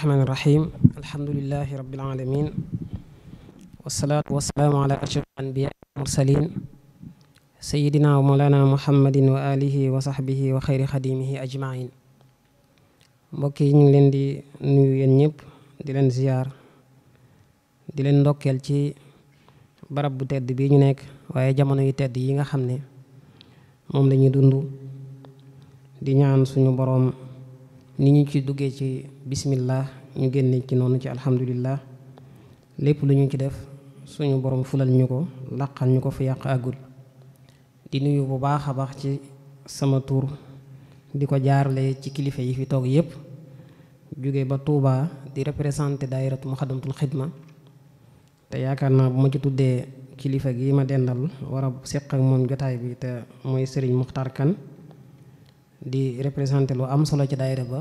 rahmaani rahiim alhamdulilahi rabbil aalamiin wasalaatu wasalaamu ala ashraf anbiyaa mursalin sayidina wa mawlana muhammadin wa alihi wa sahbihi wa xayri xadimihi ajmain mbokk yi ñu ngi leen di nuyu yéen ñëpp di leen ziyaar di leen ndokkeel ci barab bu tedd bii ñu nekk waaye jamono yu tedd yi nga xam ne moom la ñuy dund di ñaan suñu boroom ni ñu ci duggee ci bismillah ñu génne ci noonu ci alhamdulillah lépp lu ñu ci def suñu borom fulal ñu ko làqal ñu ko fi yàq àggul di nuyu bu baax a baax ci sama tur di ko jaarale ci kilifa yi fi toog yépp jóge ba Touba di représenté daayiratu Muxaddamatul Xidma te yaakaar naa bu ma ci tuddee kilifa gi ma dendal war a seq ak moom jotaay bi te mooy Serigne Muxtar di représenté lu am solo ci daayira ba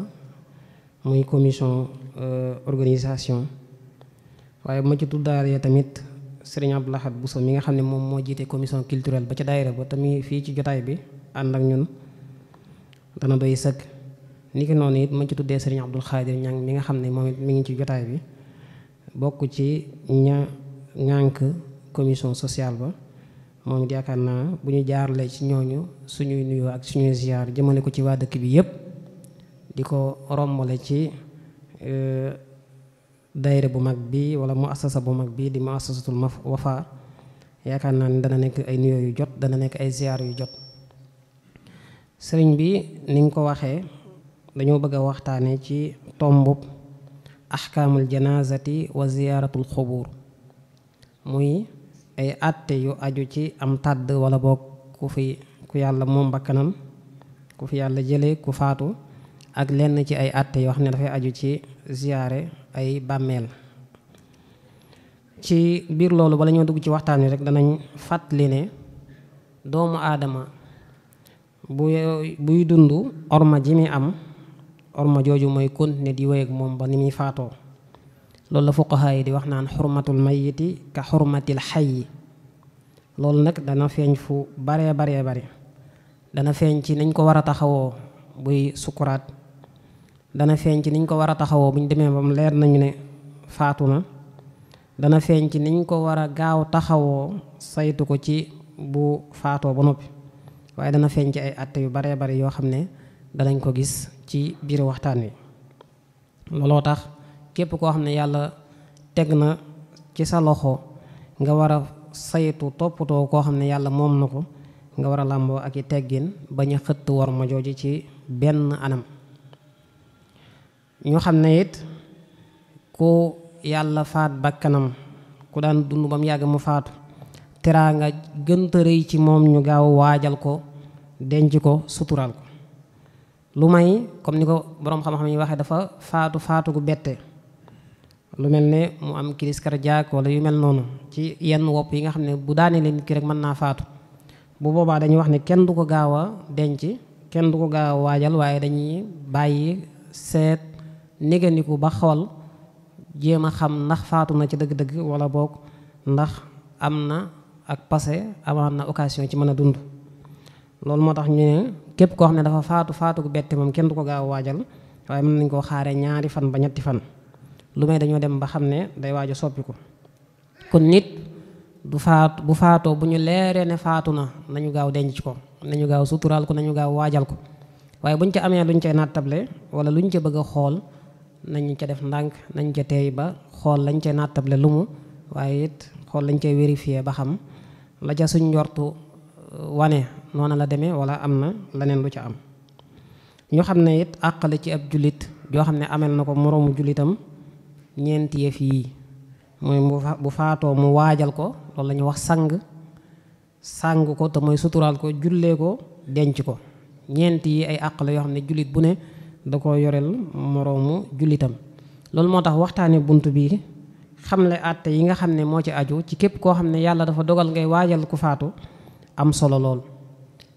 muy commission euh, organisation waaye ma ci tuddaale tamit sëriñ Abdou bu so mi nga xam ne moom moo jiite commission culturelle ba ca daayira ba te tamit fii ci jotaay bi ànd ak ñun dana doy sëkk ni ki noonu it ma ci tuddee sëriñ Abdul Xaadir Ñang mi nga xam ne moom it mi ngi ci jotaay bi bokk ci ña ñànk commission sociale ba moom it yaakaar naa bu ñu jaarlee ci ñooñu suñuy nuyoo ak suñuy ziar jëmale ko ci waa dëkk bi yépp di ko rombale ci euh, daayira bu mag bi wala mu assasa bu mag bi di mu assasatul Wafa yaakaar naa ni dana nekk ay nuyoo yu jot dana nekk ay ziar yu jot sëriñ bi ni nga ko waxee dañoo bëgg a waxtaane ci tombub ahkaamul janaazati wa ziyaaratul xubuur muy ay àtte yu aju ci am tàdd wala boog ku fi ku yàlla moom bakkanam ku fi yàlla jële ku faatu ak lenn ci ay àtte yoo xam ne dafay aju ci ziyaare ay bàmmeel ci biir loolu bala ñoo dugg ci waxtaan wi rek danañ fàttali ne doomu aadama bu buy dund orma ji muy am orma jooju mooy continuer di wéy ak moom ba ni muy faatoo loolu la fuqahaa yi di wax naan xurmatul mayiti ka xurmatil xay loolu nag dana feeñ fu baree baree bari dana feeñ ci niñ ko war a taxawoo buy sukuraat dana feeñ ci ko war a taxawoo buñ demee bam leer nañu ne faatu na dana feeñ ci niñ ko war a gaaw taxawoo saytu ko ci bu faatoo ba noppi waaye dana feeñ ci ay atte yu baree bari yoo xam ne danañ ko gis ci biir waxtaan wi looloo tax képp koo xam ne yàlla teg na ci sa loxo nga war a saytu toppatoo koo xam ne yàlla moom na ko nga war a làmboo ak i teggin bañ a xëtt war ma jooju ci benn anam ñu xam ne it ku yàlla faat bakkanam ku daan dund ba mu yàgg mu faatu teraanga gënta rëy ci moom ñu gaaw waajal ko denc ko sutural ko lu may comme ni ko boroom xam-xam yi waxe dafa faatu faatu gu bette lu mel ni mu am crise cardiaque wala yu mel noonu ci yenn wopp yi nga xam ne bu daanee leen kii rek mën naa faatu bu boobaa dañuy wax ne kenn du ko gaaw a denc kenn du ko gaaw waajal waaye dañuy bàyyi seet néganiku ba xool jéem a xam ndax faatu na ci dëgg-dëgg wala boog ndax am na ak passé amaat na occasion ci mën a dund loolu moo tax ñu ne képp koo xam ne dafa faatu faatu gu bette moom kenn du ko gaaw a waajal waaye mën nañ koo xaare ñaari fan ba ñetti fan lu may dañoo dem ba xam ne day waaj a soppiku kon nit bu faat bu faatoo bu ñu leeree ne faatu na nañu gaaw denc ko nañu gaaw suturaal ko nañu gaaw waajal ko waaye buñ ca amee luñ ca nattable wala luñ ca bëgg a xool nañu ca def ndànk nañ ca teey ba xool lañ ca nattable lu mu waaye it xool lañ cay vérifier ba xam la ca suñ njortu euh, wane noona la demee wala am na leneen lu ca am ñu xam ne it àqale ci ab jullit joo xam ne amel na ko moroomu jullitam ñeenti yëf yii mooy bu faatoo mu waajal ko loolu la ñuy wax sang sang ko te mooy suturaal ko jullee ko denc ko ñeent yi ay àq la yoo xam ne jullit bu ne da ko yoreel moroomu jullitam loolu moo tax waxtaane bunt bi xamle àtte yi nga xam ne moo ci aju ci képp koo xam ne yàlla dafa dogal ngay waajal ku faatu am solo lool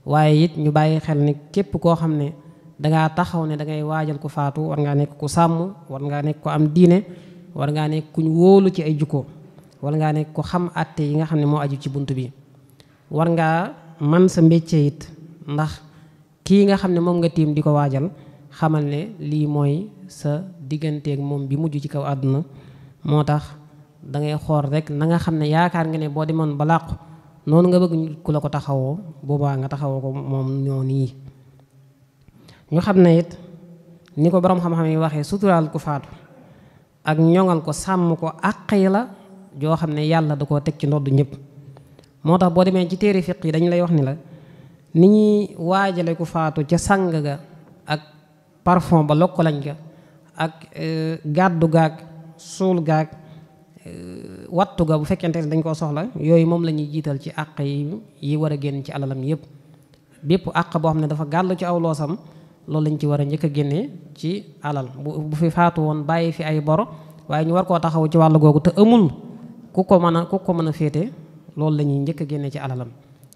waaye it ñu bàyyi xel ni képp koo xam ne dangaa taxaw ne da ngay waajal ku faatu war ngaa nekk ku sàmm war ngaa nekk ku am diine war ngaa nekk kuñ wóolu ci ay jukko war ngaa nekk ku xam atte yi nga xam ne moo aju ci bunt bi war ngaa man sa mbécce ndax kii nga xam ne moom nga tiim di ko waajal xamal ne lii mooy sa digganteek moom bi mujj ci kaw àdduna moo tax dangay xool rek na nga xam ne yaakaar nga ne boo demoon ba làqu noonu nga bëgg ku la ko taxawoo boobaa nga taxawoo ko moom ñoo nii ñu xam na it ni ko borom xam-xam yi waxee suturaal ku faatu ak ñoŋal ko sàmm ko àq yi la joo xam ne yàlla du koo teg ci ndodd ñëpp moo tax boo demee ci téere fiq yi dañu lay wax ni la ni ñuy waajale ku faatu ca sang ga ak parfum ba lokkalañ ga ak euh, gàddu gaag suul gaag euh, wattu ga bu fekkente ne dañ koo soxla yooyu moom la ñuy jiital ci àq yi yi war a génn ci alalam yëpp bépp àq boo xam ne dafa gàllu ci aw loosam loolu lañ ci war a njëkk a génnee ci alal bu fi faatu woon bàyyi fi ay boro waaye ñu war koo taxaw ci wàll googu te ëmul ku ko mën a ku ko mën a féete loolu la ñuy njëkk a génnee ci alalam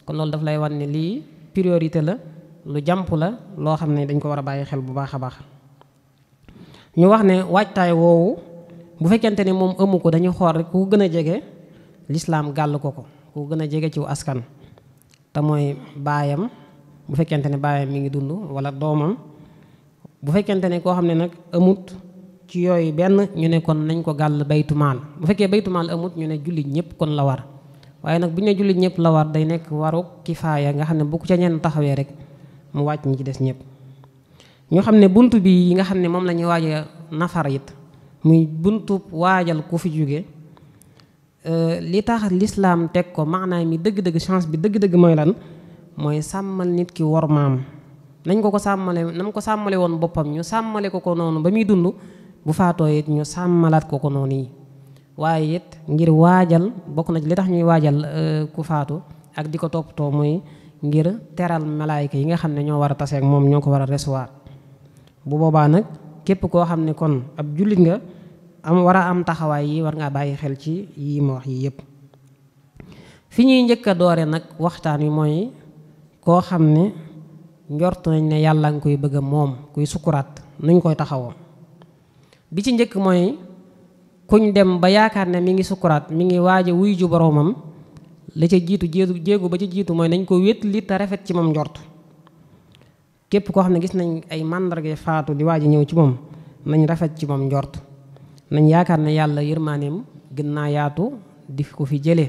kon loolu dafa lay wan ne lii priorité la lu jàmp la loo xam ne dañ ko war a bàyyi xel bu baax a baax ñu wax ne waajtaay woowu bu fekkente ne moom ëmu ko dañuy xool rek ku gën a jege lislaam gàll ko ko ku gën a jege ci askan te mooy baayam bu fekkente ne baayam mi ngi dund wala doomam bu fekkente ne koo xam ne nag amut ci yooyu benn ñu ne kon nañ ko gàll baytu bu fekkee baytu maal amut ñu ne jullit ñëpp kon la war waaye nag bu ñu ne jullit ñëpp la war day nekk waru kifaaya nga xam ne bu ko ca ñenn taxawee rek mu wàcc ñi ci des ñëpp ñu xam ne bunt bi yi nga xam ne moom lañuy ñuy waaj a nafar muy buntu waajal ku fi jóge euh, li tax lislaam teg ko maanaam mi dëgg-dëgg chance bi dëgg-dëgg mooy mooy sàmmal nit ki war maam nañ ko ko sàmmale nam ko sàmmale woon boppam ñu sàmmale ko ko noonu ba muy dund bu faatoo yit ñu sàmmalaat ko ko noonu yi waaye it ngir waajal bokk na ci li tax ñuy waajal euh, ku faatu ak di ko toppatoo mooy ngir teral malaayka yi nga xam ne ñoo war a taseeg moom ñoo ko war a recevoir bu boobaa nag képp koo xam ne kon ab jullit nga am war a am taxawaay yi war ngaa bàyyi xel ci yi ma wax yi yépp fi ñuy njëkk a doore nag waxtaan wi mooy koo xam ne njort nañ ne yàlla nga koy bëgg a moom kuy sukuraat nuñ koy taxawoo bi ci njëkk mooy kuñ dem ba yaakaar ne mi ngi sukkuraat mi ngi waaj a wuy ju boroomam la ca jiitu jéegu jéegu ba ca jiitu mooy nañ ko wét li te rafet ci moom njort képp koo xam ne gis nañ ay màndarga faatu di waaj a ñëw ci moom nañ rafet ci moom njort nañ yaakaar ne yàlla yërmaaneem gën naa yaatu di ko fi jële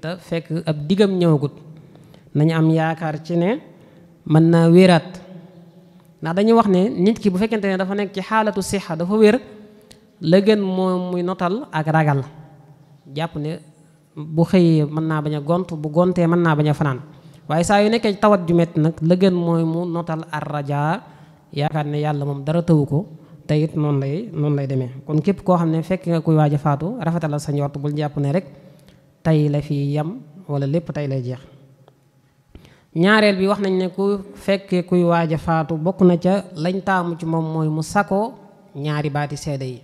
te fekk ab digam ñëwagut nañu am yaakaar ci ne mën naa wéraat ndax dañuy wax ne nit ki bu fekkente ne dafa nekk ci xaalatu sixa dafa wér la gën moom muy notal ak ragal jàpp ne bu xëyee mën naa bañ a gont bu gontee mën naa bañ a fanaan waaye saa yu nekkee tawat ju metti nag la gën mooy mu notal ar raja yaakaar ne yàlla moom dara tëwu ko te it noonu lay noonu lay demee kon képp koo xam ne fekk nga kuy waaj faatu rafetalal sa njort bul jàpp ne rek tey la fii yem wala lépp tey lay jeex ñaareel bi wax nañ ne ku fekkee kuy waaj a faatu bokk na ca lañ taamu ci moom mooy mu sakoo ñaari baati seede yi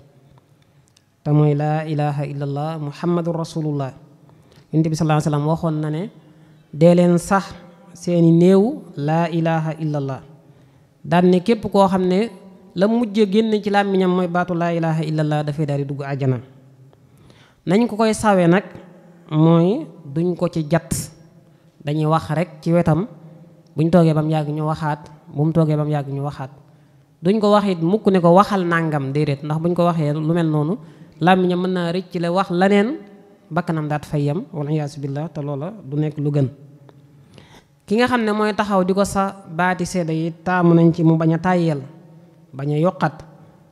te mooy laa ilaha illallah muhammadun rasulullah yonent bi sallallahu waxoon na ne dee leen sax seeni néew laa ilaha illallah daan ne képp koo xam ne la mujj génn ci làmmiñam mooy baatu laa ilaha illallah dafay daal di dugg àjjana nañ ko koy sawee nag mooy duñ ko ci jat dañuy wax rek ci wetam bu ñu toogee ba mu yàgg ñu waxaat bu mu toogee ba mu yàgg ñu waxaat duñ ko wax it mukk ne ko waxal nàngam déedéet ndax buñ ko waxee lu mel noonu làmmiñam mën naa rëcc la wax laneen bakkanam daat fay yam wala iyaasu billah te loola du nekk lu gën ki nga xam ne mooy taxaw di ko sa baati seede yi nañ ci mu bañ a tàyyeel bañ a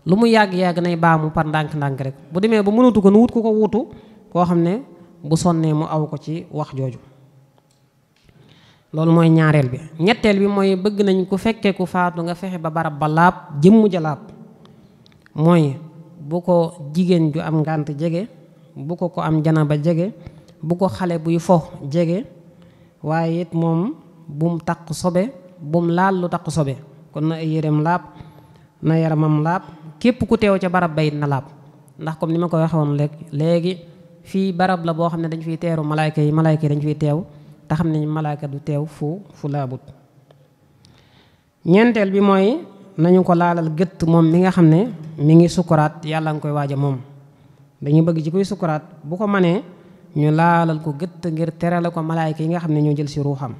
lu mu yàgg-yàgg nay baamu par ndànk-ndànk rek bu demee ba mënatu ko nu wut ku ko wutu koo xam ne bu sonnee mu aw ko ci wax jooju loolu mooy ñaareel bi ñetteel bi mooy bëgg nañ ku fekkee ku faatu nga fexe ba barab ba laab jëmm ja laab mooy bu ko jigéen ju am ngànt jege bu ko ko am jana ba jege bu ko xale buy fo jege waaye it moom bum taq sobe bum laal lu taq sobe kon na ay yéreem laab na yaramam laab képp ku teew ca barab ba it na laab ndax comme ni ma ko waxoon léegi fii barab la boo xam ne dañ fiy teeru malaayka yi malaayka yi dañ fiy teew te xam nañ du teew fu fu laabut ñeenteel bi mooy nañu ko laalal gëtt moom mi nga xam ne mu ngi sukuraat yàlla nga koy waaja moom dañu bëgg ci kuy sukuraat bu ko manee ñu laalal ko gëtt ngir terale ko malaayka yi nga xam ne ñoo jël si ruuxam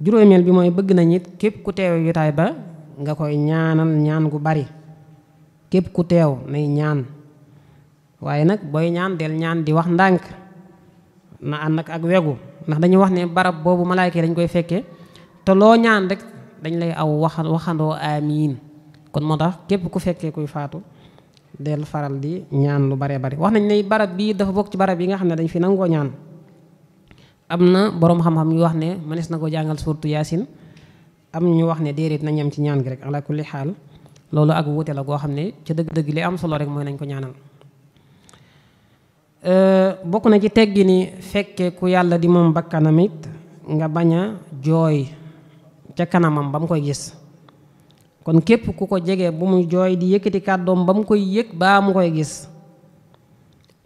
juróomeel bi mooy bëgg nañ képp ku teew yutaay ba nga koy ñaanal ñaan gu bari képp ku teew nay ñaan waaye nag booy ñaan del ñaan di wax ndànk na ànd ak ak wegu ndax dañu wax ne barab boobu malaayka yi dañ koy fekkee te loo ñaan rek dañ lay aw waxan waxandoo amiin kon moo tax képp ku fekkee kuy faatu del faral di ñaan lu baree bari wax nañ ne barab bii dafa bokk ci barab yi nga xam ne dañ fi nangoo ñaan am na boroom xam-xam yu wax ne mënees na ko jàngal surtu yaasin am ñu wax ne déedéet nañ am ci ñaan gi rek ala li xaal loolu ak wuute la goo xam ne ca dëgg-dëgg li am solo rek mooy nañ ko ñaanal Euh, bokk na ci teggi ni fekke ku yàlla di moom bakkanam nga bañ a jooy ca kanamam ba mu koy gis kon képp ku ko jege bu mu jooy di yëkkati kàddoom ba mu koy yëg baa mu koy gis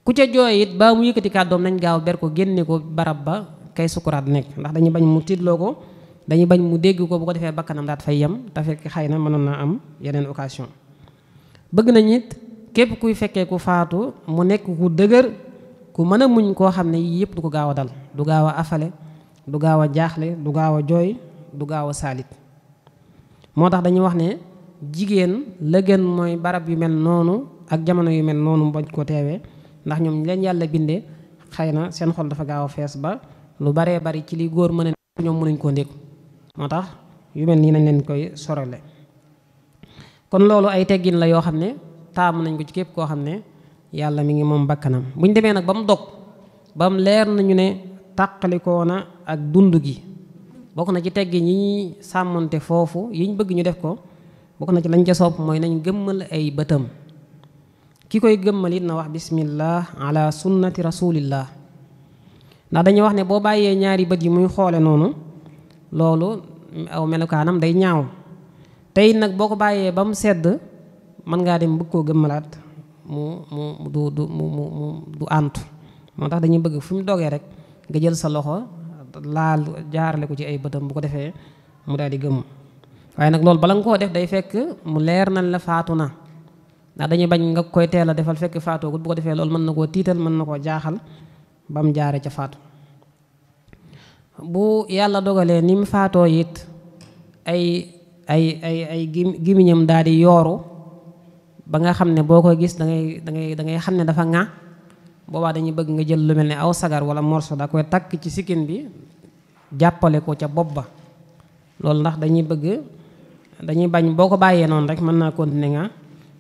ku ca jooy it baa mu yëkkati kàddoom nañ gaaw ber ko génne ko barab ba kay sukuraat nekk ndax dañu bañ mu tiitloo ko dañuy bañ mu dégg ko bu ko defee bakkanam daat fay yem te fekk xay na mënoon naa am yeneen occasion bëgg nañ it képp kuy fekkee ku faatu mu nekk ku dëgër ku mën a muñ koo xam ne yii yëpp du ko gaaw a dal du gaaw a afale du gaaw a jaaxle du gaaw a jooy du gaaw a saalit moo tax dañuy wax ne jigéen la gën mooy barab yu mel noonu ak jamono yu mel noonu bañ ko teewee ndax ñoom leen yàlla bindee xëy na seen xol dafa gaaw a fees ba lu baree bari ci li góor mën a ñoom mënuñ koo ndékku moo tax yu mel nii nañ leen koy sorole kon loolu ay teggin la yoo xam ne taamu nañ ko ci képp koo xam ne yàlla mu ngi moom bakkanam bu ñu demee nag ba mu dog ba mu leer nañu ne tàqalikoo na ak dund gi bokk na ci teggi ñi ñuy sàmmante foofu yi ñu bëgg ñu def ko bokk na ci lañ ca mooy nañ gëmmal ay bëtam ki koy gëmmal it na wax bismillah ala sunnati rasulillah ndax dañuy wax ne boo bàyyee ñaari bët yi muy xoole noonu loolu aw melokaanam day ñaaw tey nag boo ko bàyyee ba mu sedd mën ngaa dem bëgg koo gëmmalaat mu mu du du mu du àntu moo tax dañuy bëgg fu mu dogee rek nga jël sa loxo laal jaarale ko ci ay bëtam bu ko defee mu daal di gëmm waaye nag loolu bala nga koo def day fekk mu leer nañ la faatu na ndax dañu bañ nga koy teel a defal fekk faatoogut bu ko defee lool mën na koo tiital mën na koo jaaxal ba mu jaare ca faatu bu yàlla dogalee ni mu faatoo it ay ay ay ay gimiñam daal di yooru ba nga xam ne boo ko gis da ngay da da ngay xam ne dafa ŋa boobaa dañuy bëgg nga jël lu mel ne aw sagar wala morso da koy takk ci sikkin bi jàppale ko ca bopp ba loolu ndax dañuy bëgg dañuy bañ boo ko bàyyee noonu rek mën naa continuer nga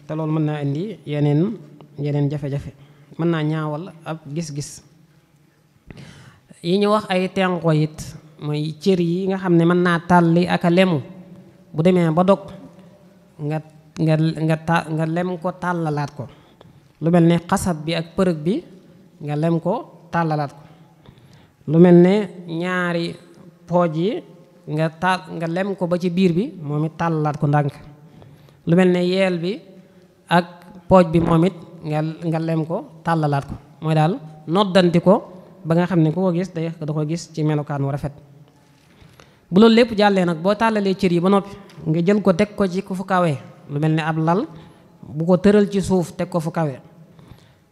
te loolu mën naa indi yeneen yeneen jafe-jafe mën naa ñaawal ab gis-gis yi ñu wax ay tenqo it mooy cër yi nga xam ne mën naa tàlli ak a lemu bu demee ba dog nga lem ko tàllalaat ko lu mel ni xasab bi ak përëg bi nga lem ko tàllalaat ko lu mel ni ñaari pooj yi nga ta nga lem ko ba ci biir bi moom it tàllalaat ko ndànk lu mel ni yeel bi ak pooj bi moom it nga nga lem ko tàllalaat ko mooy daal noddanti ko ba nga xam ne ku ko gis day da ko gis ci melokaan wu rafet bu loolu lépp jàllee nag boo tàllalee cër yi ba noppi nga jël ko teg ko ci ku fu kawee lu mel ne ab lal bu ko tëral ci suuf teg ko fu kawe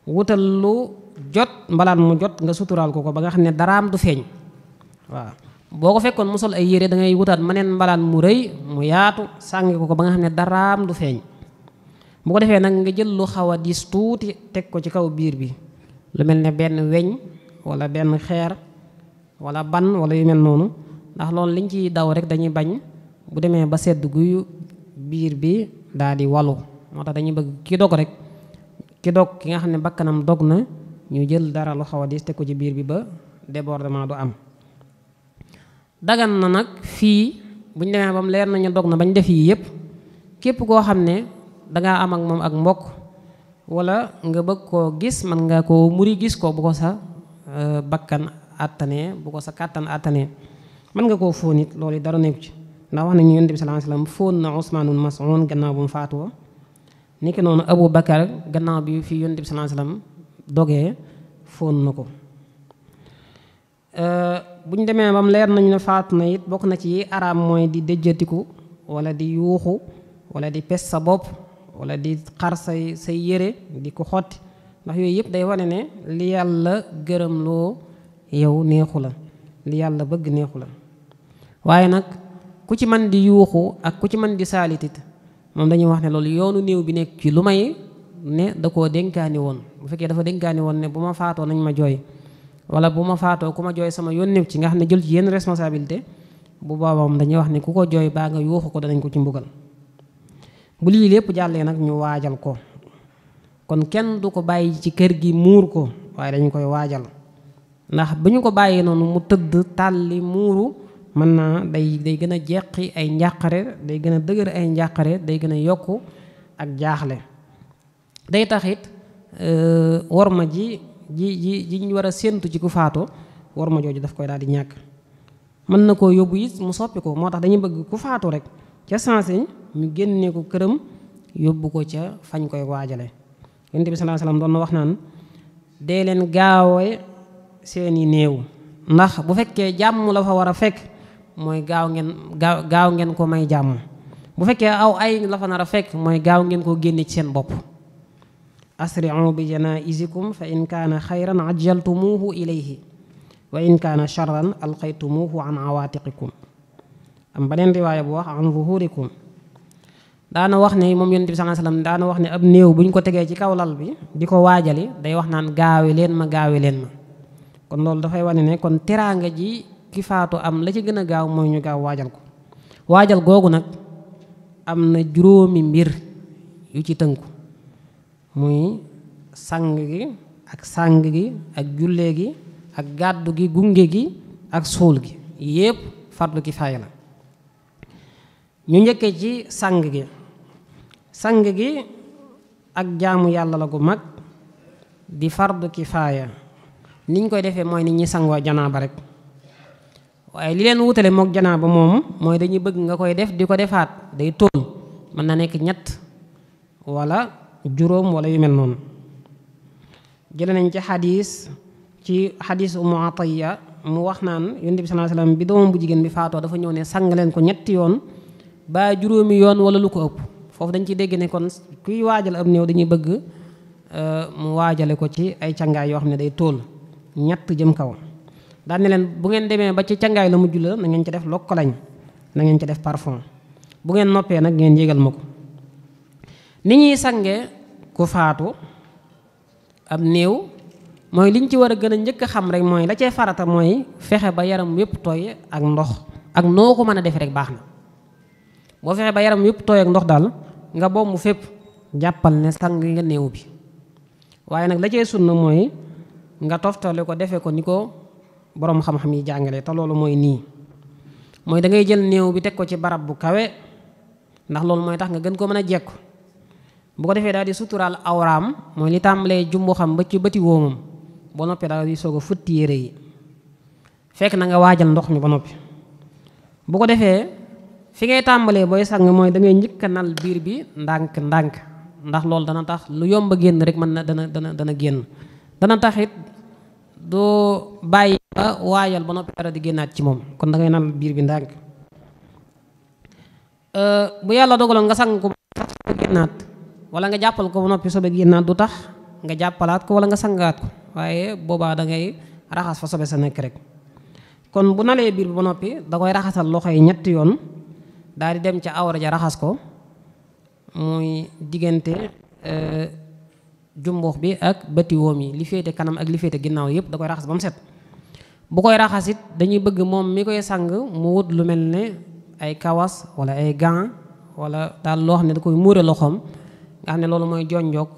wutal lu jot mbalaan mu jot nga suturaal ko ko ba nga xam ne daraam du feeñ waaw boo ko fekkoon mu sol ay yére da ngay wutaat meneen mbalaan mu rëy mu yaatu sànge ko ko ba nga xam ne daraam du feeñ bu ko defee nag nga jël lu xaw a diis tuuti teg ko ci kaw biir bi lu mel ne benn weñ wala benn xeer wala ban wala yu mel noonu ndax lool liñ ciy daw rek dañuy bañ bu demee ba sedd guyu biir bi daal di walu moo tax dañuy bëgg ki dog rek ki dog ki nga xam ne bakkanam dog na ñu jël dara lu xaw a diis te ko ci biir bi ba débordement du am dagan na nag fii bu ñu demee ba mu leer nañu dog na bañ def yii yépp képp koo xam ne dangaa am ak moom ak mbokk wala nga bëgg koo gis man nga koo muri gis ko bu ko sa euh, bakkan àttanee bu ko sa kàttan àttanee mën nga koo fóon it loolu dara nekku ci ndax wax nañu yonent bi sallallahu alayhi wa sallam fóon na Usmaan ibn Mas'uun gannaaw bu mu faatoo niki noonu Abu Bakar gannaaw bi fi yonent bi sallallahu alayhi wa sallam dogee fóon na ko euh, bu ñu demee bam leer nañu ne faatu na it bokk na ci yi araam mooy di dëjjatiku wala di yuuxu wala di pes sa bopp wala di xar say say yére di ko xotti ndax yooyu yëpp day wane ne li yàlla gërëm loo yow neexu la li yàlla bëgg neexu la waaye nag ku ci man di yuuxu ak ku ci man di saalitit moom dañuy wax ne loolu yoonu néew bi nekk ci lu may ne da koo dénkaani woon bu fekkee dafa dénkaani woon ne bu ma faatoo nañ ma jooy wala bu ma faatoo ku ma jooy sama yoon néew ci nga xam ne jël ci yenn responsabilité bu boobaam dañuy wax ni ku ko jooy baa nga yuuxu ko danañ ko ci mbugal bu lii lépp jàllee nag ñu waajal ko kon kenn du ko bàyyi ci kër gi muur ko waaye dañu koy waajal ndax bu ñu ko bàyyee muuru mën naa day day gën a jeqi ay njàqare day gën a dëgër ay njàqare day gën a yokk ak jaaxle day tax it euh, worma ji ji ji ji ñu war a séentu ci ku faatu worma jooju daf koy daal di ñàkk mën na koo yóbbu it mu soppi ko moo tax dañu bëgg ku faatoo rek ca sanseñ ñu génne ko këram yóbbu ko ca fañ koy waajale yonent bi sallallahu alayhi doon na wax naan dee leen gaawe seeni néew ndax bu fekkee jàmm la fa war a fekk mooy gaaw ngeen gaaw gaaw ngeen ko may jàmm bu fekkee aw ay la fa nar fekk mooy gaaw ngeen koo génne ci seen bopp asri'u bi janaa'izikum fa in kaana xayran ajjaltumuuhu ilayhi wa in kaana charran alqaytumuuhu an awaatiqikum am beneen riwaaya bu wax an zuhurikum daana wax ne moom yonent bi sallallahu alayhi wasallam wax ne ab néew bu ñu ko tegee ci kaw lal bi di ko waajali day wax naan gaawe leen ma gaawe leen ma kon loolu dafay wane ne kon teraanga ji ki faatu am la ci gën a gaaw mooy ñu gaaw waajal ko waajal googu nag am na juróomi mbir yu ci tënku muy sang gi ak sang gi ak jullee gi ak gàddu gi gunge gi ak suul gi yépp fardu kifaaya la ñu njëkkee ci sang gi sang gi ak jaamu yàlla la gu mag di fardu kifaaya niñ koy defee mooy ni ñi sangoo ba rek waaye li leen wutale mook ba moom mooy dañuy bëgg nga koy def di ko defaat day tóon mën na nekk ñett wala juróom wala yu mel noonu jële nañ ci xadis ci xadis umu ataya mu wax naan yonent bi sallallahu alayhi bi doomam bu jigéen bi faatoo dafa ñëw ne sang leen ko ñetti yoon baa juróomi yoon wala lu ko ëpp foofu dañ ci dégg ne kon kuy waajal am néew dañuy bëgg euh, mu waajale ko ci ay cangaay yoo xam ne day tool ñett jëm kaw daan leen bu ngeen demee ba ci cangaay la mujj la na ngeen ci def lokkolañ na ngeen ci def parfon bu ngeen noppee nag ngeen yégal ma ko ni ñuy sange ku faatu ab néew mooy liñ ci war a gën a njëkk a xam rek mooy la cee farata mooy fexe ba yaram yépp tooy ak ndox ak noo ko mën a defe rek baax na boo fexe ba yaram yépp tooy ak ndox daal nga bomb fépp jàppal ne sang nga néew bi waaye nag la cee sunna mooy nga toftale ko defe ko ni ko boroom xam-xam yi jàngale te loolu mooy nii mooy da ngay jël néew bi teg ko ci barab bu kawe ndax loolu mooy tax nga gën ko mën a jekku bu ko defee daal di suturaal awraam mooy li tàmbalee jumbu xam ba ci bëti wóomam ba noppi daal di soog a futti yére yi fekk na nga waajal ndox mi ba noppi bu ko defee fi ngay tàmbalee booy sang mooy da ngay njëkk a nal biir bi ndànk ndànk ndax loolu dana tax lu yomb a génn rek mën na dana dana dana génn dana tax doo bàyyi ba waajal ba noppi dara di génnaat ci moom kon dangay ngay naan biir bi ndànk euh, bu yàlla dogaloon nga sang ko ba génnaat wala nga jàppal ko ba noppi sobe génnaat du tax nga jàppalaat ko wala nga sangaat ko waaye boobaa dangay ngay raxas fa sobe sa nekk rek kon bu nalee biir bi ba noppi da koy raxasal loxo yi ñetti yoon daal di dem ca awra ja raxas ko muy diggante euh, jumbux bi ak bëti woom yi li féete kanam ak li féete ginnaaw yëpp da koy raxas ba mu set bu koy raxasit dañuy bëgg moom mi koy sang mu wut lu mel ne ay kawas wala ay gan wala daal loo xam ne da koy muure loxoom nga xam ne loolu mooy jonjoog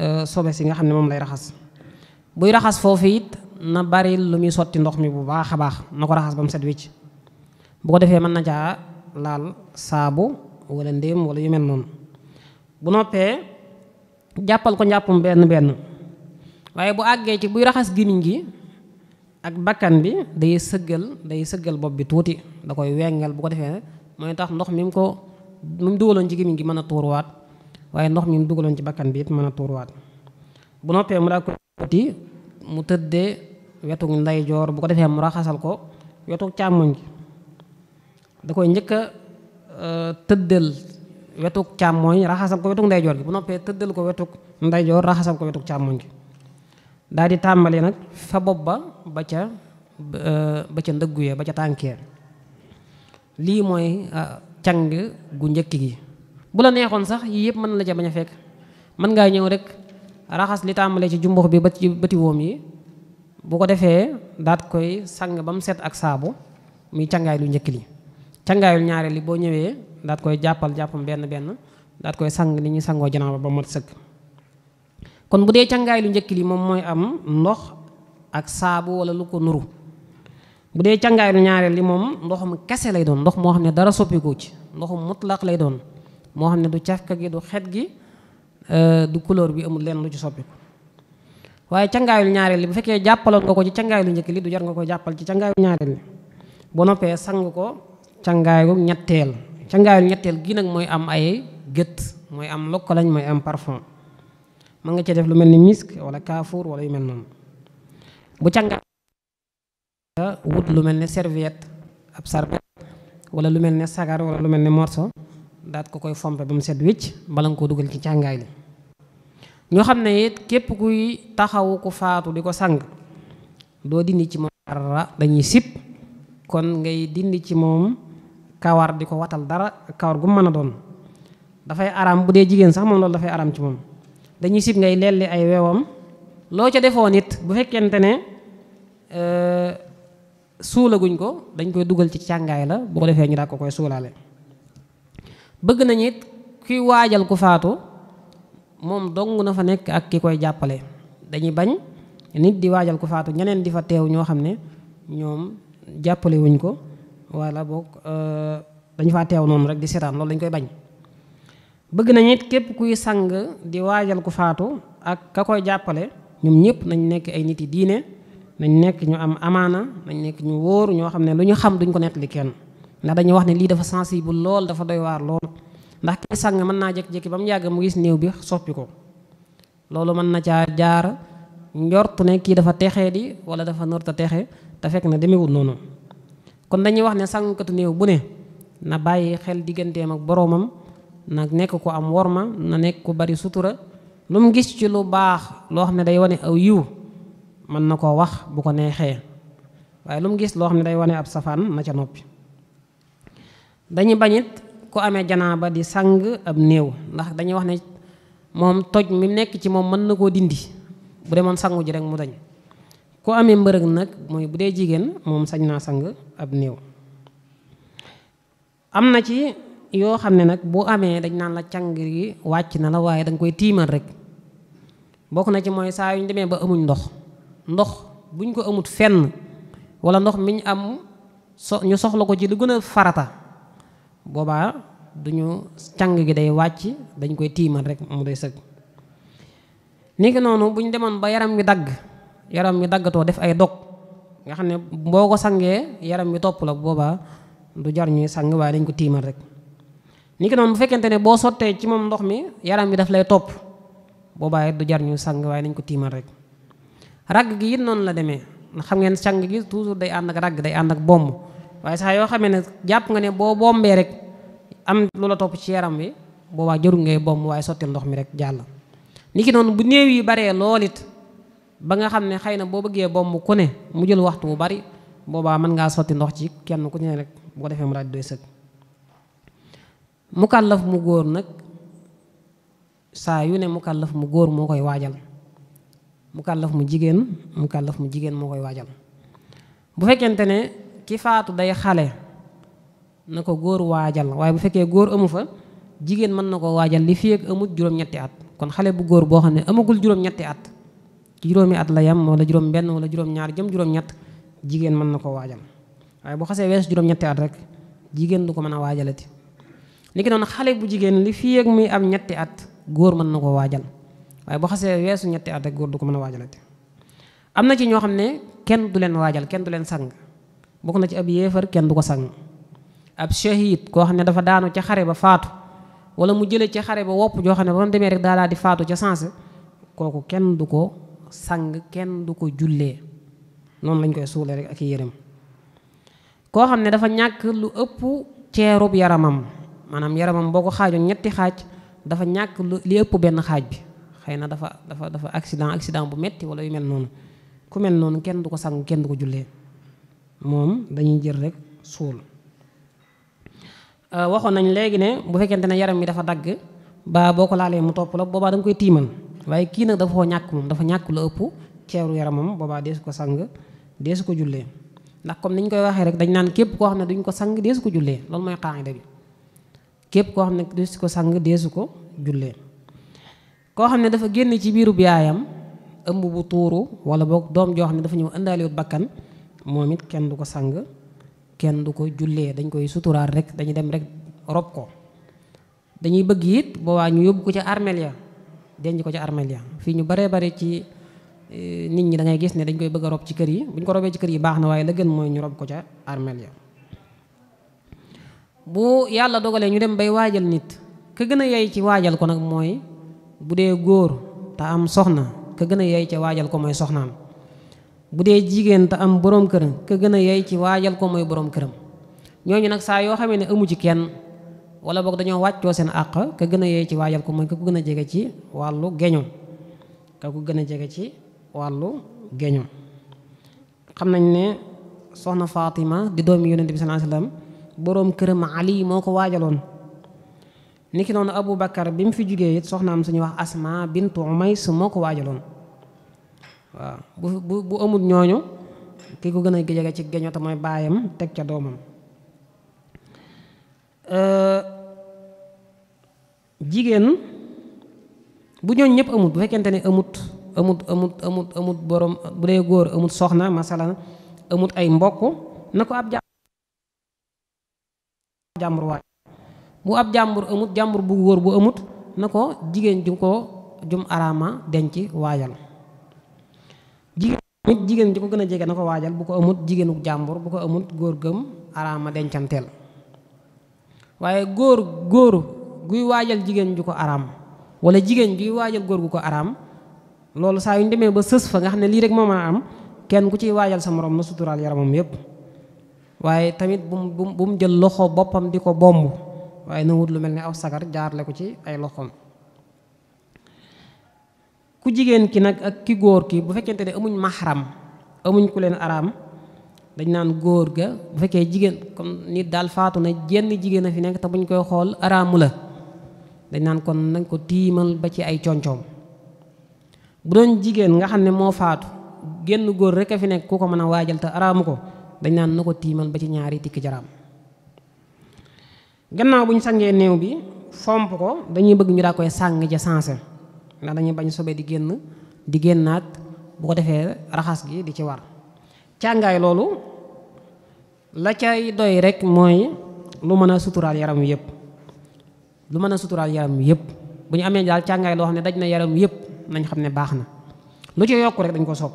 euh, sobe si nga xam ne moom lay raxas buy raxas foofu it na bari lu muy sotti ndox mi bu baax a baax na ko raxas ba mu set wicc bu ko defee mën na caa laal saabu wala ndéem wala yu mel noonu bu noppee jàppal ko njàppum benn benn waaye bu àggee ci buy raxas gémmiñ gi ak bakkan bi day sëggal day sëggal bopp bi tuuti da koy wengal bu ko defee mooy tax ndox mi mu ko mu mu dugaloon ci gémmiñ gi mën a tuuruwaat waaye ndox mi mu dugaloon ci bakkan bi it mën a tuuruwaat bu noppee mu daa mu tëddee wetu ndeyjoor bu ko defee mu raxasal ko wetu càmmoñ gi da koy njëkk a euh, tëddal wetu càmmoñ raxasal ko wetu ndeyjoor gi bu noppee tëddal ko wetu ndeyjoor raxasal ko wetu càmmoñ gi daal di tàmbali nag fa bopp ba ba ca ba ndëggu ya ba ca tànkee lii mooy ah, cang gu njëkk gi bu la neexoon sax yii yëpp mën na la ca bañ a fekk mën ngaa ñëw rek raxas li tàmbalee ci jumbux bi ba ci bëti woom yi bu ko defee daat koy sang ba mu set ak saabu muy cangaay lu njëkk li cangaayul ñaareel li boo ñëwee daat koy jàppal jàppam benn benn daat koy sang ni ñuy sangoo janaaba ba mot sëkk kon bu dee cangaay lu njëkk li moom mooy am ndox ak saabu wala lu ko nuru bu dee cangaay lu ñaareel li moom ndoxum kese lay doon ndox moo xam ne dara soppiku ci ndoxum mutlaq lay doon moo xam ne du cafka gi du xet gi euh, du couleur bi amul lenn lu ci soppiku waaye cangaayul ñaareel li bu fekkee jàppaloon nga ko ci cangaay lu njëkki li du jar nga ko jàppal ci cangaayul ñaareel li boo noppee sang ko cangaayu ñetteel cangaayul ñetteel gi nag mooy am ay gët mooy am lokkalañ mooy am parfum mën nga ci def lu mel ni misk wala kaafuur wala yu mel noonu bu càngaat wut lu mel ni serviette ab sarbet wala lu mel ni sagar wala lu mel ni morso daat ko koy fompe ba mu set wicc bala nga koo dugal ci càngaay li ñoo xam ne it képp kuy taxawu ku faatu di ko sang doo dindi ci moom dañuy sip kon ngay dindi ci moom kawar di ko watal dara kawar gu mu mën a doon dafay araam bu dee jigéen sax moom loolu dafay araam ci moom dañuy sit ngay lelli ay wewam loo ca defoon it bu fekkente ne euh, suulaguñ ko dañ koy dugal ci càngaay la boo ko defee ñu daa ko koy suulaale bëgg nañu it kuy waajal ku faatu moom dong na fa nekk ak ki koy jàppale dañuy bañ nit di waajal ku faatu ñeneen di fa teew ñoo xam ne ñoom jàppale wuñ ko walla boog euh, dañu faa teew noonu rek di seetaan loolu dañ koy bañ bëgg nañu it képp kuy sang di waajal ku faatu ak ka koy jàppale ñoom ñëpp nañu nekk ay nit yi diine nañ nekk ñu am amaana nañ nekk ñu wóor ñoo xam ne lu ñu xam duñ ko nettali kenn ndax dañuy wax ne lii dafa sensible lool dafa doy waar lool ndax ki mën naa jékki-jékki ba mu yàgg mu gis néew bi soppi loolu mën na caa jaar njortu ne kii dafa texee di wala dafa norta texe te fekk na demewul noonu kon dañuy wax ne sàngkatu néew bu ne na bàyyi xel digganteem ak boroomam nag nekk ko am worma na nekk ku bari sutura lu mu gis ci lu baax loo xam ne day wane aw yiw mën na koo wax bu ko neexee waaye lu mu gis loo xam ne day wane ab safaan na ca noppi dañu bañit ku amee janaa ba di sang ab néew ndax dañuy wax ne moom toj mi nekk ci moom mën na koo dindi bu demoon sangu ji rek mu dañ ku amee mbërëg nag mooy bu dee jigéen moom sañ naa sang ab néew am na ci yoo xam ne nag bu amee dañ naan la cangir yi wàcc na la waaye danga koy tiimal rek bokk na ci mooy saa yu ñu demee ba amuñ ndox ndox buñ ko amut fenn wala ndox mi ñu am so ñu soxla ko ci lu gën farata boobaa duñu càng gi day wàcc dañ koy tiimal rek mu day sëg niki noonu bu ñu demoon ba yaram wi dagg yaram wi daggatoo def ay dog nga xam ne boo ko sangee yaram wi topp la boobaa du jar ñuy sang waaye dañ ko tiimal rek ni ki noonu bu fekkente ne boo sottee ci moom ndox mi yaram wi daf lay topp boobaa it du jar ñu sang waaye nañ ko tiimal rek ragg gi it noonu la demee ndax xam ngeen sang gi toujours day ànd ak ragg day ànd ak bomb waaye sax yoo xamee ne jàpp nga ne boo bombee rek am lu la topp ci yaram wi boobaa jarul ngay bomb waaye sottil ndox mi rek jàll ni ki noonu bu néew yi baree lool it ba nga xam ne xëy na boo bëggee bomb ku ne mu jël waxtu bu bari boobaa mën ngaa sotti ndox ci kenn ku ci rek bu defee mu daal di doy mukallaf mu góor nag saa yu ne mukallaf mu góor moo koy waajal mukallaf mu jigéen mukallaf mu jigéen moo koy waajal bu fekkente ne ki faatu day xale na ko góor waajal waaye bu fekkee góor amu fa jigéen mën na ko waajal li fii ak amut juróom-ñetti at kon xale bu góor boo xam ne amagul juróom-ñetti at juróomi at la yam wala juróom mbenn wala juróom-ñaar jëm juróom-ñett jigéen mën na ko waajal waaye bu xasee wees juróom-ñetti at rek jigéen du ko mën a waajalati li ki noonu xale bu jigéen li fii ak muy am ñetti at góor mën na koo waajal waaye bu xasee weesu ñetti at rek góor du ko mën a waajalati am na ci ñoo xam ne kenn du leen waajal kenn du leen sang bokk na ci ab yéefar kenn du ko sang ab shahid koo xam ne dafa daanu ca xare ba faatu wala mu jële ci xare ba wopp joo xam ne ba mu demee rek daal di faatu ca sens kooku kenn du ko sang kenn du ko jullee noonu lañ koy suule rek ak yërëm koo xam ne dafa ñàkk lu ëpp ceerub yaramam maanaam yaramam boo ko xaajoon ñetti xaaj dafa ñàkk li ëpp benn xaaj bi xëy na dafa dafa dafa accident accident bu metti wala yu mel noonu ku mel noonu kenn du ko sang kenn du ko jullee moom dañuy jël rek suul euh, waxoon nañ léegi ne bu fekkente ne yaram bi dafa dagg ba boo ko laalee mu topp la boobaa da koy tiimal waaye kii nag dafa koo ñàkk moom dafa ñàkk la ëpp ceeru yaramam boobaa deesu ko sang deesu ko jullee ndax comme niñ koy waxee rek dañ naan képp ko xam ne duñ ko sang deesu ko jullee loolu mooy qaayida bi képp koo xam ne deesu ko sang deesu ko jullee koo xam ne dafa génn ci biirub yaayam ëmb bu tuuru wala boog doom joo xam ne dafa ñëw ëndaaliwut bakkan moom it kenn du ko sang kenn du ko jullee dañ koy suturaal rek dañuy dem rek rob ko dañuy bëgg it boobaa ñu yóbbu ko ca armeel ya denc ko ca armeel ya fii ñu baree bare ci e, nit ñi da ngay gis ne dañ koy bëgg a rob ci kër yi bu ñu ko robee ci kër yi baax na waaye la gën mooy ñu rob ko ca armeel ya bu yàlla dogalee ñu dem bay waajal nit ka gën a yey ci waajal ko nag mooy bu dee góor te am soxna ka gën a yey ci waajal ko mooy soxnaam bu dee jigéen am borom këram ka gën a yey ci waajal ko mooy borom këram ñooñu nag saa yoo xamee ne amu ci kenn wala boog dañoo wàccoo seen àq ka gën a yey ci waajal ko mooy ka ko gën a jege ci wàllu geño ka ko gën a jege ci wàllu geño xam nañ ne soxna Fatima di doom yonent bi sallallahu alayhi boroom këram ali moo ko waajaloon niki noonu abou bakar bi mu fi jugee it soxnaam suñu wax asma bintu umays moo ko waajaloon waaw bu bu amul ñooñu ki ko gën a jege ci geño te mooy baayam teg ca doomam jigéen bu ñooñ ñëpp amut bu fekkente ni amut amut amut amut amut borom bu dee góor amut soxna masala amut ay mbokk na ko ab jàpp jàmbur waaj bu ab jàmbur amut jàmbur bu góor bu amut na ko jigéen ju ko jum araama denc waajal jigéen nit jigéen ju ko gën a jege na ko waajal bu ko amut jigéenu jàmbur bu ko amut góor gëm araama dencanteel waaye góor góor guy waajal jigéen ju ko araam wala jigéen juy waajal góor gu ko araam loolu saa yu ñu ba sës fa nga xam ne lii rek moo mën a am kenn ku ciy waajal sa moroom na suturaal yaramam yépp waaye tamit bu bu mu jël loxo boppam di ko bomb waaye na wut lu mel ni aw sagar jaarle ko ci ay loxoom. ku jigéen ki nag ak ki góor ki bu fekkente ne amuñ maxaram amuñ ku leen araam dañ naan góor ga bu fekkee jigéen comme nit daal faatu na jenn jigéen a fi nekk te buñ koy xool araamu la dañ naan kon nañ ko tiimal ba ci ay concoom bu doon jigéen nga xam ne moo faatu génn góor rekk a fi nekk ku ko mën a waajal te araamu ko dañ naan na ko tiimal ba ci ñaari tikki jaraam gannaaw bu ñu sangee néew bi fomp ko dañuy bëgg ñu daa koy sàng ja sansé ndax dañuy bañ sobee di génn di génnaat bu ko defee raxas gi di ci war càngaay loolu la cay doy rek mooy lu mën a suturaal yaram wi yëpp lu mën a suturaal yaram wi yëpp bu ñu amee daal càngaay loo xam ne daj na yaram yëpp nañ xam ne baax na lu ci yokk rek dañ ko sopp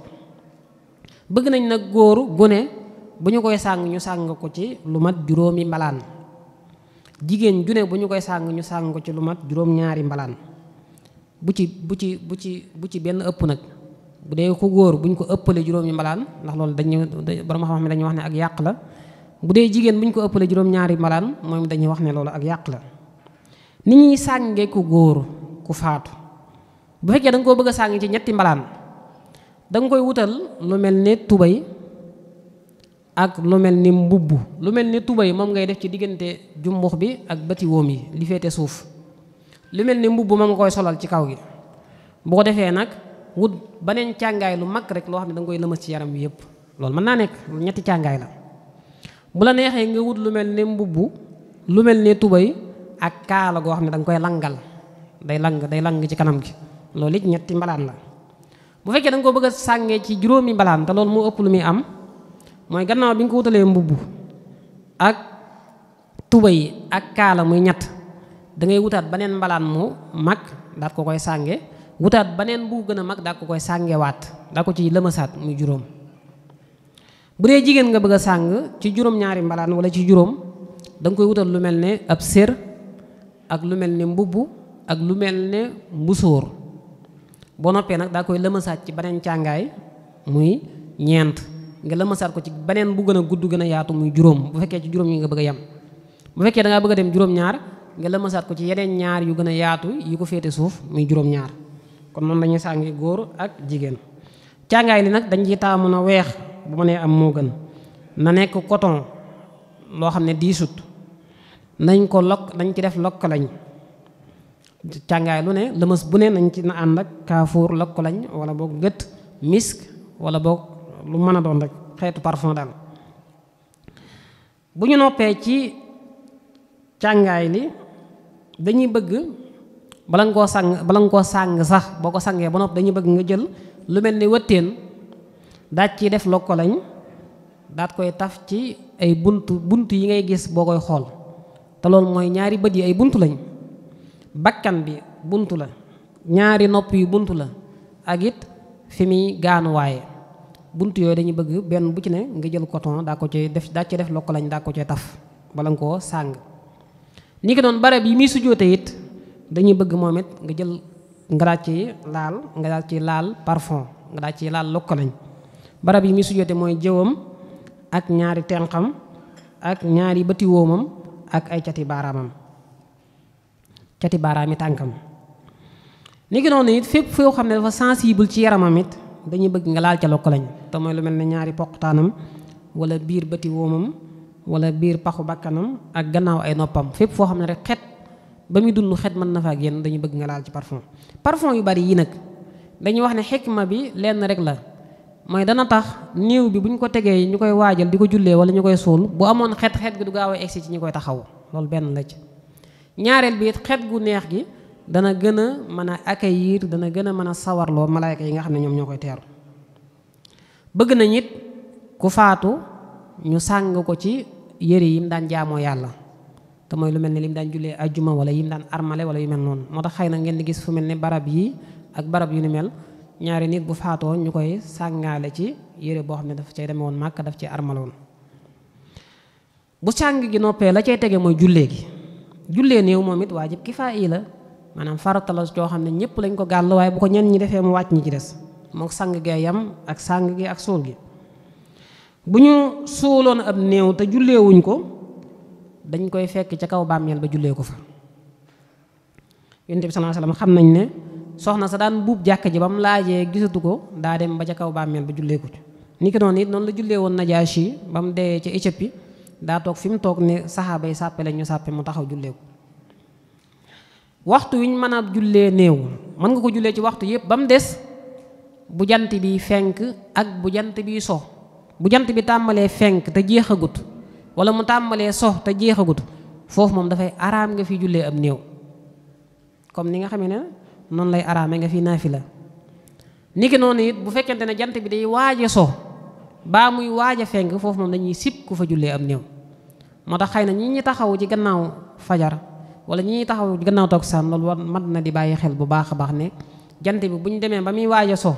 bëgg nañ nag góoru gune bu ñu koy sàng ñu sàng ko ci lu mat juróomi mbalaan jigéen ju bu ñu koy sàng ñu sàng ko ci lu mat juróom-ñaari mbalaan bu ci bu ci bu ci bu ci benn ëpp nag bu dee ku góor bu ñu ko ëppalee juróomi mbalaan ndax loolu dañu borom xam-xam ne dañuy wax ne ak yàq la bu dee jigéen bu ñu ko ëppalee juróom-ñaari mbalaan moom dañuy wax ne loolu ak yàq la ni ñuy sàngee ku góor ku faatu bu fekkee da koo bëgg sàng ci ñetti mbalaan danga koy wutal lu mel ni tubay ak lu mel ni mbubb lu mel ni tubéy moom ngay def ci diggante jumbux bi ak bati woom yi li féete suuf lu mel ni mbubb moom nga koy solal ci kaw gi boo ko defee nag wut beneen càngaay lu mag rek loo xam ne da koy lëmas ci yaram wi yëpp loolu mën naa nekk ñetti càngaay la bu neexee nga wut lu mel ni mbubb lu mel ni tubay ak kaala goo xam ne da koy langal day lang day lang ci kanam gi loolu it ñetti mbalaan la bu fekkee da ko bëgg a sàngee ci juróomi mbalaan te loolu moo ëpp lu muy am mooy gannaaw bi nga ko wutalee mbubb ak tubéy ak kaala muy ñett dangay wutaat beneen mbalaan mu mag daat ko koy sànge wutaat beneen bu gën a mag daat ko koy sàngewaat daa ko ci lëmasaat muy juróom bu dee jigéen nga bëgg a sàng ci juróom-ñaari mbalaan walla ci juróom da koy wutal lu mel ne ab sér ak lu mel ne mbubb ak lu mel ne mbusóor boo noppee nag daa koy lëmasaat ci beneen càngaay muy ñeent nga lëmasaat ko ci beneen bu gën a gudd gën a yaatu muy juróom bu fekkee ci juróom yi nga bëgg a yem bu fekkee da ngaa bëgg a dem juróom-ñaar nga lëmasaat ko ci yeneen ñaar yu gën a yaatu yi ko féete suuf muy juróom-ñaar kon noonu lañuy sàngi góor ak jigéen càngaay li nag dañ ci taamu na weex bu ma nee am moo gën na nekk koton loo xam ne diisut nañ ko lokk nañ ci def lokk lañ càngaay lu ne lëmas bu ne nañ ci na ànd ak kaafuur lokk lañ wala boog gët misk wala boog lu mën a doon rek xeetu parfum daal bu ñu noppee ci càngaay li dañuy bëgg bala nga koo sàng bala nga koo sàng sax boo ko sangee ba nopp dañuy bëgg nga jël lu mel ni wëttéen daaj ciy def lokko lañ daat koy taf ci ay buntu buntu yi ngay gis boo koy xool te loolu mooy ñaari bët yi ay buntu lañ bakkan bi bunt la ñaari nopp yu buntu la ak it fi muy gaanuwaaye bunt yooyu dañuy bëgg benn bu ci ne nga jël coton daa ko cee def daa ci def lokk lañ daa ko cee taf bala nga koo sàng ni ki doon barab yi muy sujoote it dañuy bëgg moom nga jël nga laal nga daa ci laal parfum nga daa ci laal lokk barab yi muy sujoote mooy jëwam ak ñaari tenqam ak ñaari bëti woomam ak ay cati baaraamam cati baaraami tànkam ni noonu it fépp foo xam ne dafa sensible ci yaramam it dañuy bëgg nga laal ca lokkalañ te mooy lu mel na ñaari poqtaanam wala biir bëti woomam wala biir paxu bakkanam ak gannaaw ay noppam fépp foo xam ne rek xet ba muy dund xet mën na fa génn dañuy bëgg nga laal ci parfum parfum yu bari yi nag dañuy wax ne xikma bi lenn rek la mooy dana tax néew bi bu ñu ko tegee ñu koy waajal di ko jullee wala ñu koy suul bu amoon xet xet gi du gaaw a egsi ci ñu koy taxaw loolu benn la ci ñaareel bi xet gu neex gi dana gën a mën a accueillir dana gën a mën a sawarloo malaayka yi nga xam ne ñoom ñoo koy teeru bëgg na it ku faatu ñu sàng ko ci yëre yim daan jaamoo yàlla te mooy lu mel ne lim daan jullee ajjuma wala yim daan armale wala yu mel noonu moo tax xëy na ngeen di gis fu mel ne barab yi ak barab yu nu mel ñaari nit bu faatoo ñu koy sàngaale ci yére boo xam ne daf cay demee woon daf cay armaloon bu sàng gi noppee la cay tege mooy jullee gi jullee néew moom it waajib maanaam farata la xam ne ñëpp lañ ko gàll waaye bu ko ñenn ñi defee mu wàcc ñi ci des mook sang gee yam ak sang gi ak suul gi bu ñu suuloon ab néew te julleewuñ ko dañ koy fekk ca kaw bàmmeel ba jullee ko fa yonent bi sallallahu alayhi xam nañ ne soxna sa daan buub jàkk ji ba mu laajee gisatu ko daa dem ba ca kaw bàmmeel ba jullee ko ci ni ki noonu it noonu la jullee woon Najaashi ba mu dee ca Éthiopie daa toog fi mu toog ne saxaaba yi sàppe la ñu sàppe mu taxaw jullee ko waxtu wi ñu mën a jullee néew mën nga ko jullee ci waxtu yépp ba mu des bu jant bi fenk ak bu jant bi so bu jant bi tàmbalee fenk te jeexagut wala mu tàmbalee so te jeexagut foofu moom dafay araam nga fi jullee am néew comme ni nga xamee ne noon lay araamee nga fi naafila ki noonu it bu fekkente ne jant bi day waaj a so baa muy waaj a fenk foofu moom dañuy sib ku fa jullee am néew moo tax xëy na ñi ñi taxaw ci gannaaw fajar wala ñi taxaw gannaaw takkusaan loolu war mat na di bàyyi xel bu baax a baax ne jant bi bu ñu demee ba muy waaja so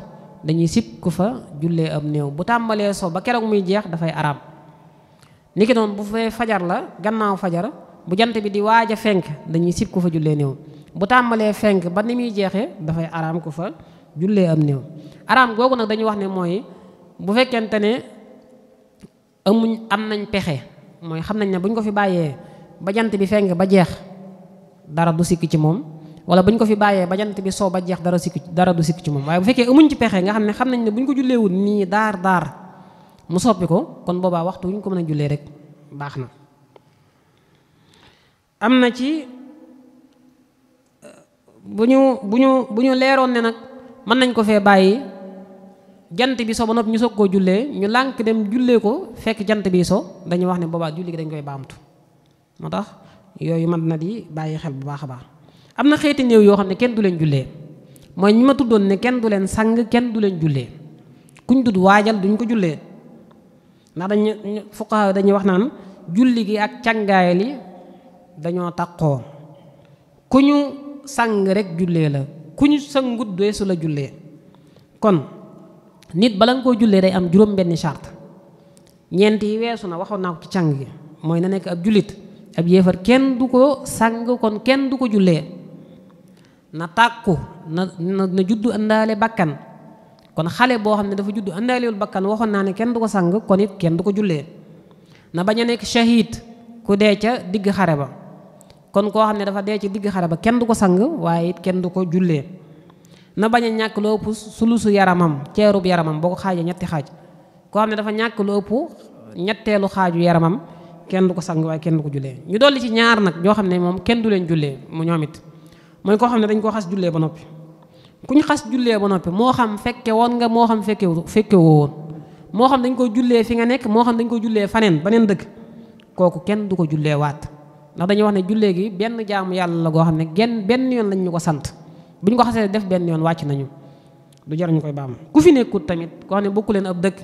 dañuy sib ko fa jullee am néew bu tàmbalee so ba keroog muy jeex dafay araam niki noonu bu fee fajar la gannaaw fajar bu jant bi di waaj a fenk dañuy sib fa jullee néew bu tàmbalee fenk ba ni muy jeexee dafay araam ko fa jullee am néew araam googu nag dañu wax ne mooy bu fekkente ne amuñ am nañ pexe mooy xam nañ ne buñ ko fi bàyyee ba jant bi fenk ba jeex dara du sikk ci moom wala buñ ko fi bàyyee ba jant bi soo ba jeex dara sikk dara du sikk ci moom waaye bu fekkee amuñ ci pexe nga xam ne xam nañ ne buñ ko julleewul nii daar daar mu soppi ko kon boobaa waxtu wuñ ko mën a jullee rek baax na am na ci eh, bu ñu bu ñu bu ñu leeroon ne nag mën nañ ko fee bàyyi jant bi so ba noppi ñu soog koo jullee ñu lànk dem jullee ko fekk jant bi so dañuy wax ne boobaa julli gi dañ koy baamtu moo tax yooyu mën na di bàyyi xel bu baax a baax am na xeeti néew yoo xam ne kenn du leen jullee mooy ñi ma tuddoon ne kenn du leen sang kenn du leen jullee kuñ dud waajal duñ ko jullee ndax dañu fuqaha dañuy wax naan julli gi ak càngaay li dañoo taqoo ku ñu sang rek jullee la ku ñu sangut deesu la jullee kon nit bala nga koo jullee day am juróom benn charte ñeent yi weesu na waxoon naa ko ci càng gi mooy na nekk ab jullit ab yéefar kenn du ko sang kon kenn du ko jullee na tàkku na na juddu àndaale bakkan kon xale boo xam ne dafa juddu àndaalewul bakkan waxoon naa ne kenn du ko sang kon it kenn du ko jullee na bañ nekk shahid ku dee ca digg xare ba kon koo xam ne dafa dee ci digg xare ba kenn du ko sang waaye it kenn du ko jullee na bañ a ñàkk lu ëpp sulusu yaramam ceerub yaramam boo ko xaajee ñetti xaaj koo xam ne dafa ñàkk lu ëpp ñetteelu xaaju yaramam kenn du ko sang waaye kenn du ko jullee ñu dolli ci ñaar nag ñoo xam ne moom kenn du leen jullee mu ñoom it mooy koo xam ne dañ koo xas jullee ba noppi ku ñu xas jullee ba noppi moo xam fekke woon nga moo xam fekke fekke woo woon moo xam dañ ko jullee fi nga nekk moo xam dañ ko jullee faneen baneen dëkk kooku kenn du ko jullee waat ndax dañuy wax ne jullee gi benn jaamu yàlla la goo xam ne genn benn yoon lañ ñu ko sant bu ñu ko xasee def benn yoon wàcc nañu du jar ñu koy baam ku fi nekkut tamit koo xam leen ab dëkk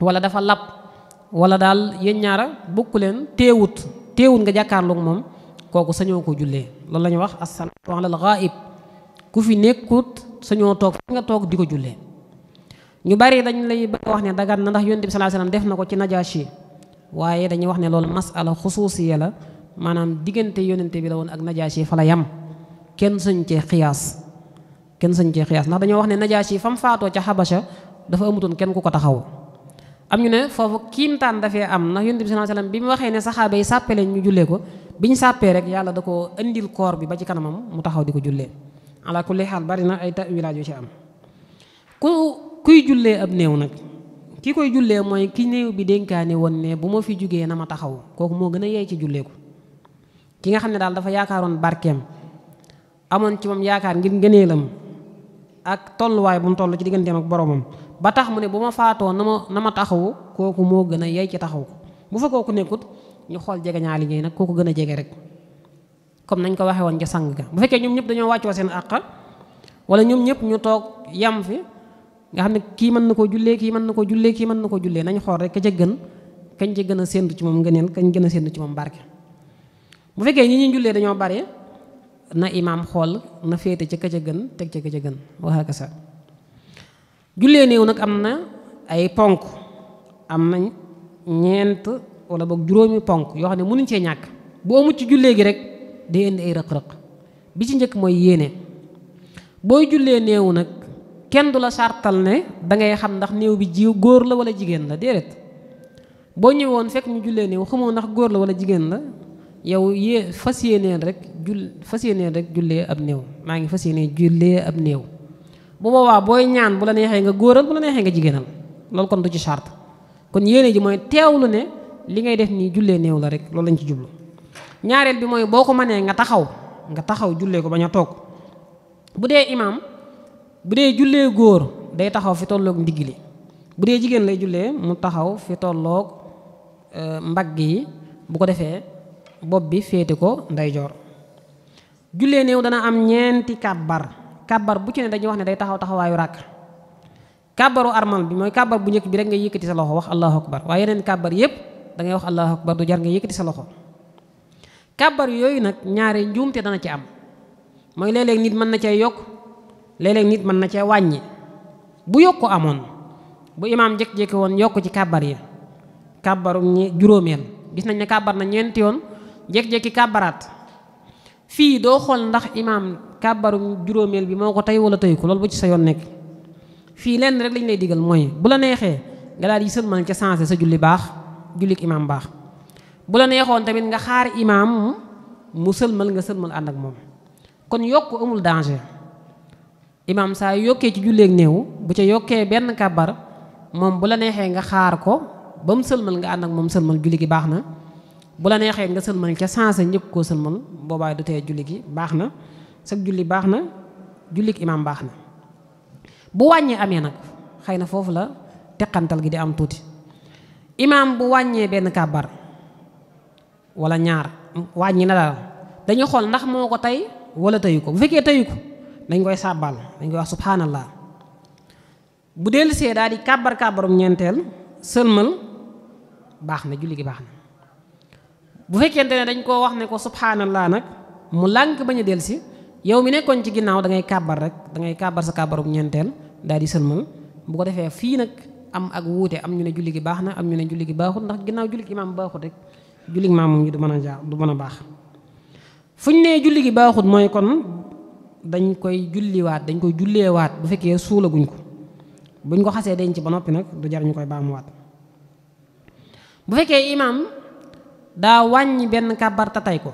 wala dafa wala daal yéen ñaara bokku leen téewut teewut nga jàkkaarloog moom kooku sañoo ko jullee loolu la ñuy wax as-salaatu alal ghaib ku fi nekkut sañoo toog fi nga toog di ko jullee ñu bari dañ lay bëgg wax ne dagan na ndax yonent bi sallallahu def na ko ci Najaashi waaye dañuy wax ne loolu masala xusuusiya la maanaam diggante yonent bi la woon ak Najaashi fa la yam kenn sañ cee xiyaas kenn sañ cee xiyaas ndax dañoo wax ne Najaashi fam faatoo ca Xabasha dafa amutoon kenn ku ko taxaw am ñu ne foofu kiimtaan dafee am ndax yonent bi sallallahu alayhi bi mu waxee ne saxaaba yi sàppe leen ñu jullee ko bi ñu sàppee rek yàlla da ko indil koor bi ba ci kanamam mu taxaw di ko jullee ala kulli xaal bari na ay tawilaaj yu ci am ku kuy jullee ab néew nag ki koy jullee mooy ki néew bi dénkaane woon ne bu ma fi jógee na ma taxaw kooku moo gën a yeey ci jullee ko ki nga xam ne daal dafa yaakaaroon barkeem amoon ci moom yaakaar ngir ngëneelam ak tolluwaay bu mu toll ci digganteem ak boromam ba tax mu ne bu ma faatoo na ma na taxawu kooku moo gën a yey ci taxaw ko bu fa ku nekkut ñu xool jege ñaa liggéey nag koo ko gën a jege rek comme nañ ko waxee woon ca sang ga bu fekkee ñoom ñëpp dañoo wàccoo seen àq wala ñoom ñëpp ñu toog yam fi nga xam ne kii mën na ko jullee kii mën na ko jullee kii mën na koo jullee nañ xool rek ka ca gën kañ ca gën a séntu ci moom ngëneel kañ gën a séntu ci moom barke bu fekkee ñi ñuy jullee dañoo bare na imaam xool na féete ca ka ca gën teg ca ka ca gën jullee néew nag am na ay ponk am na ñeent wala boog juróomi ponk yoo xam ne mënuñ cee ñàkk boo mucc ci jullee gi rek day indi ay rëq-rëq bi ci njëkk mooy yéene booy jullee néew nag kenn du la sartal ne dangay xam ndax néew bi jiw góor la wala jigéen la déedéet boo ñëwoon fekk mu jullee néew xamoo ndax góor la wala jigéen la yow yée fas yéeneen rek jul fas yéeneen rek jullee ab néew maa ngi fas yéeneen jullee ab néew bu boobaa booy ñaan bu la neexee nga góoral bu la neexee nga jigéenal loolu kon du ci charte kon yéene ji mooy teewlu ne li ngay def nii jullee néew la rek loolu lañ ci jublu ñaareel bi mooy boo ko mënee nga taxaw nga taxaw jullee ko bañ a toog bu dee imaam bu dee jullee góor day taxaw fi tolloog ndigg li bu dee jigéen lay jullee mu taxaw fi tolloog euh, mbagg yi bu ko defee bopp bi féete ko ndeyjoor jullee néew dana am ñeenti kàbbar kàbbar bu ci ne dañuy wax ne day taxaw taxawaayu ràkk kàbbaru armal bi mooy kàbbar bu njëkk bi rek nga yëkkati sa loxo wax allahu akbar waaye yeneen kàbbar yépp da ngay wax allahu akbar du jar nga yëkkati sa loxo kàbbar yooyu nag ñaari njuumte dana ci am mooy léeg nit mën na cee yokk léeg nit mën na cee wàññi bu yokk amoon bu imaam jékki-jékki woon yokk ci kàbbar yi kàbbaru ñi juróomeel gis nañ ne kàbbar na ñeenti yoon jékki-jékki kàbbaraat kàbbaru juróomeel bi moo ko tey wala tey ko loolu bu ci sa yoon nekk fii lenn rek lañ lay digal mooy bu la neexee nga daal di sëlmal ca changé sa julli baax jullik imaam baax bu la neexoon tamit nga xaar imaam mu sëlmal nga sëlmal ànd ak moom kon yokk amul danger imaam saa yokkee ci julleeg néew bu ca yokkee benn kàbbar moom bu la neexee nga xaar ko ba mu sëlmal nga ànd ak moom sëlmal julli gi baax na bu la neexee nga sëlmal ca changé ñëpp koo sëlmal boobaay du tee julli gi baax na sag julli baax na jullik imaam baax na bu wàññee amee nag xëy na foofu la teqantal gi di am tuuti imaam bu wàññee benn kàbbar walla ñaar wàññi na daal dañu xool ndax moo ko tey wala teyu ko bu fekkee teyu ko dañ koy sàbbal dañ koy wax subhanallah bu dellusee daal di kàbbar kàbbarum ñeenteel sëlmal baax na julli gi baax na bu fekkente ne dañ koo wax ne ko subhanallah nag mu lànk bañ a dellusi yow mi nekkoon ci ginnaaw da ngay kàbbar rek da ngay kàbbar sa kàbbarub ñeenteel daal di sëlmal bu ko defee fii nag am ak wuute am ñu ne julli gi baax na am ñu ne julli gi baaxut ndax ginnaaw julli gi imaam baaxut rek julli gi maamum ñu du mën a jaar du mën a baax fu ñu nee julli gi baaxut mooy kon dañ koy julliwaat dañ koy julleewaat bu fekkee suulaguñ ko buñ ko xasee deñ denc ba noppi nag du jar ñu koy baamuwaat bu fekkee imaam daa wàññi benn kàbbar ta tey ko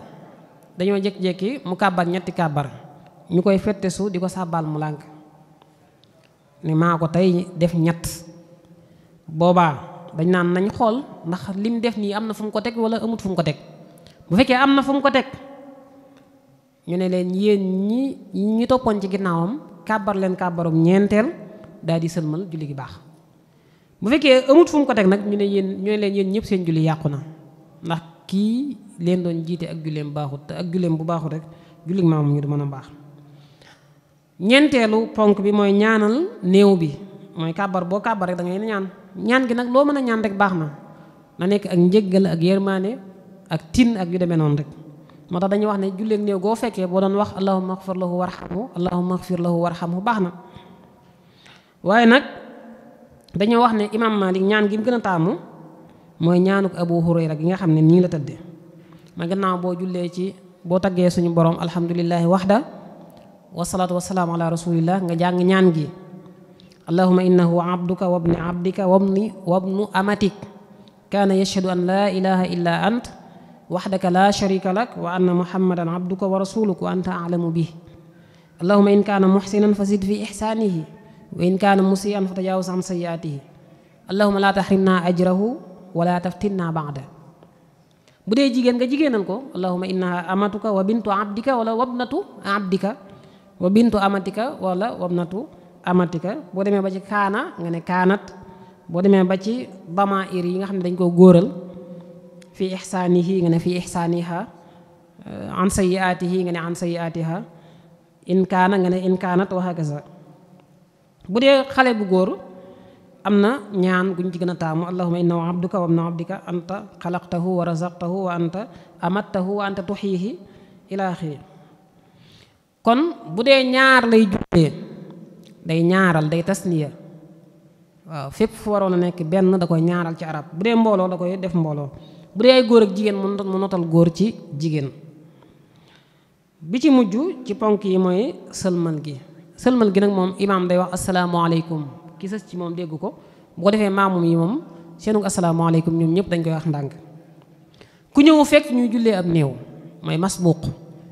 dañoo jékki-jékki mu kàbbar ñetti kàbbar ñu koy fette su di ko sàbbaal mu lànk ni maa ko tey def ñett boobaa dañ naan nañ xool ndax lim def nii am na fu mu ko teg wala amut fu mu ko teg bu fekkee am na fu ko teg ñu ne leen yéen ñi ñi toppoon ci ginnaawam kàbbar leen kàbbarum ñeenteel daal di sëlmal julli gi baax bu fekkee amut fu mu ko teg nag ñu ne yéen ñu ne leen yéen ñëpp seen julli yàqu na ndax kii leen doon jiite ak julleem baaxut te ak julleem bu baaxut rek jullit maamam ñu du mën a baax ñeenteelu ponk bi mooy ñaanal néew bi mooy kàbbar boo kàbbar rek da ngay ñaan ñaan gi nag loo mën a ñaan rek baax na na nekk ak njëggal ak yërmaane ak tin ak yu demee noonu rek moo tax dañuy wax ne julleek néew goo fekkee boo doon wax allahumma xfir lahu warxamhu allahumma xfir lahu warxamhu baax na waaye nag dañoo wax ne imam malik ñaan gi mu gën a taamu mooy ñaanuk abu hurayra gi nga xam ne nii la tëdde ma gannaaw boo jullee ci boo taggee suñu borom alhamdulillahi waxda wasalaatu wasalaamu ala rasulillah nga jàng ñaan gi allahuma innahu abduka wa bni abdika wa bni wa bnu amatik kaana yashhadu an laa ilaha illa ant waxdaka laa sharika lak wa anna muhammadan abduka wa rasuluk wa anta aalamu bih allahuma in kaana muxsinan fa zid fi ixsaanihi wa in kaana musian fa tajaawaz an sayiatihi allahuma laa taxrimna ajrahu wala taftinnaa baada bu dee jigéen nga jigéenal ko allahuma inna amatuka wa bintu abdika wala wabnatu abdika wa bintu amatika wala wabnatu amatika boo demee ba ci kaana nga ne kaanat boo demee ba ci ir yi nga xam ne dañ koo góoral fii ixsaanihi nga ne fii ixsaaniha eh, an sayiaatihi nga ne an sayiaatiha in kaana nga ne in kaanat wa hakaza bu dee xale bu góor am na ñaan guñ ci gën a taamu allahuma innahu abduka wa ibnu abdika anta xalaqtahu wa razaqtahu wa anta amattahu wa anta tuxiihi ila axiri kon bu dee ñaar lay jullee day ñaaral day tasniya waaw fépp fu waroon a nekk benn da koy ñaaral ci arab bu dee mbooloo da koy def mbooloo bu dee ay góor ak jigéen mu notal góor ci jigéen bi ci mujj ci ponk yi mooy sëlmal gi sëlmal gi nag moom imaam day wax asalaamaaleykum ki sës ci moom dégg ko boo defee maamum yi moom seenug asalaamaaleykum ñoom ñëpp dañ koy wax ndànk ku ñëw fekk ñuy jullee ab néew mooy mas masbuuq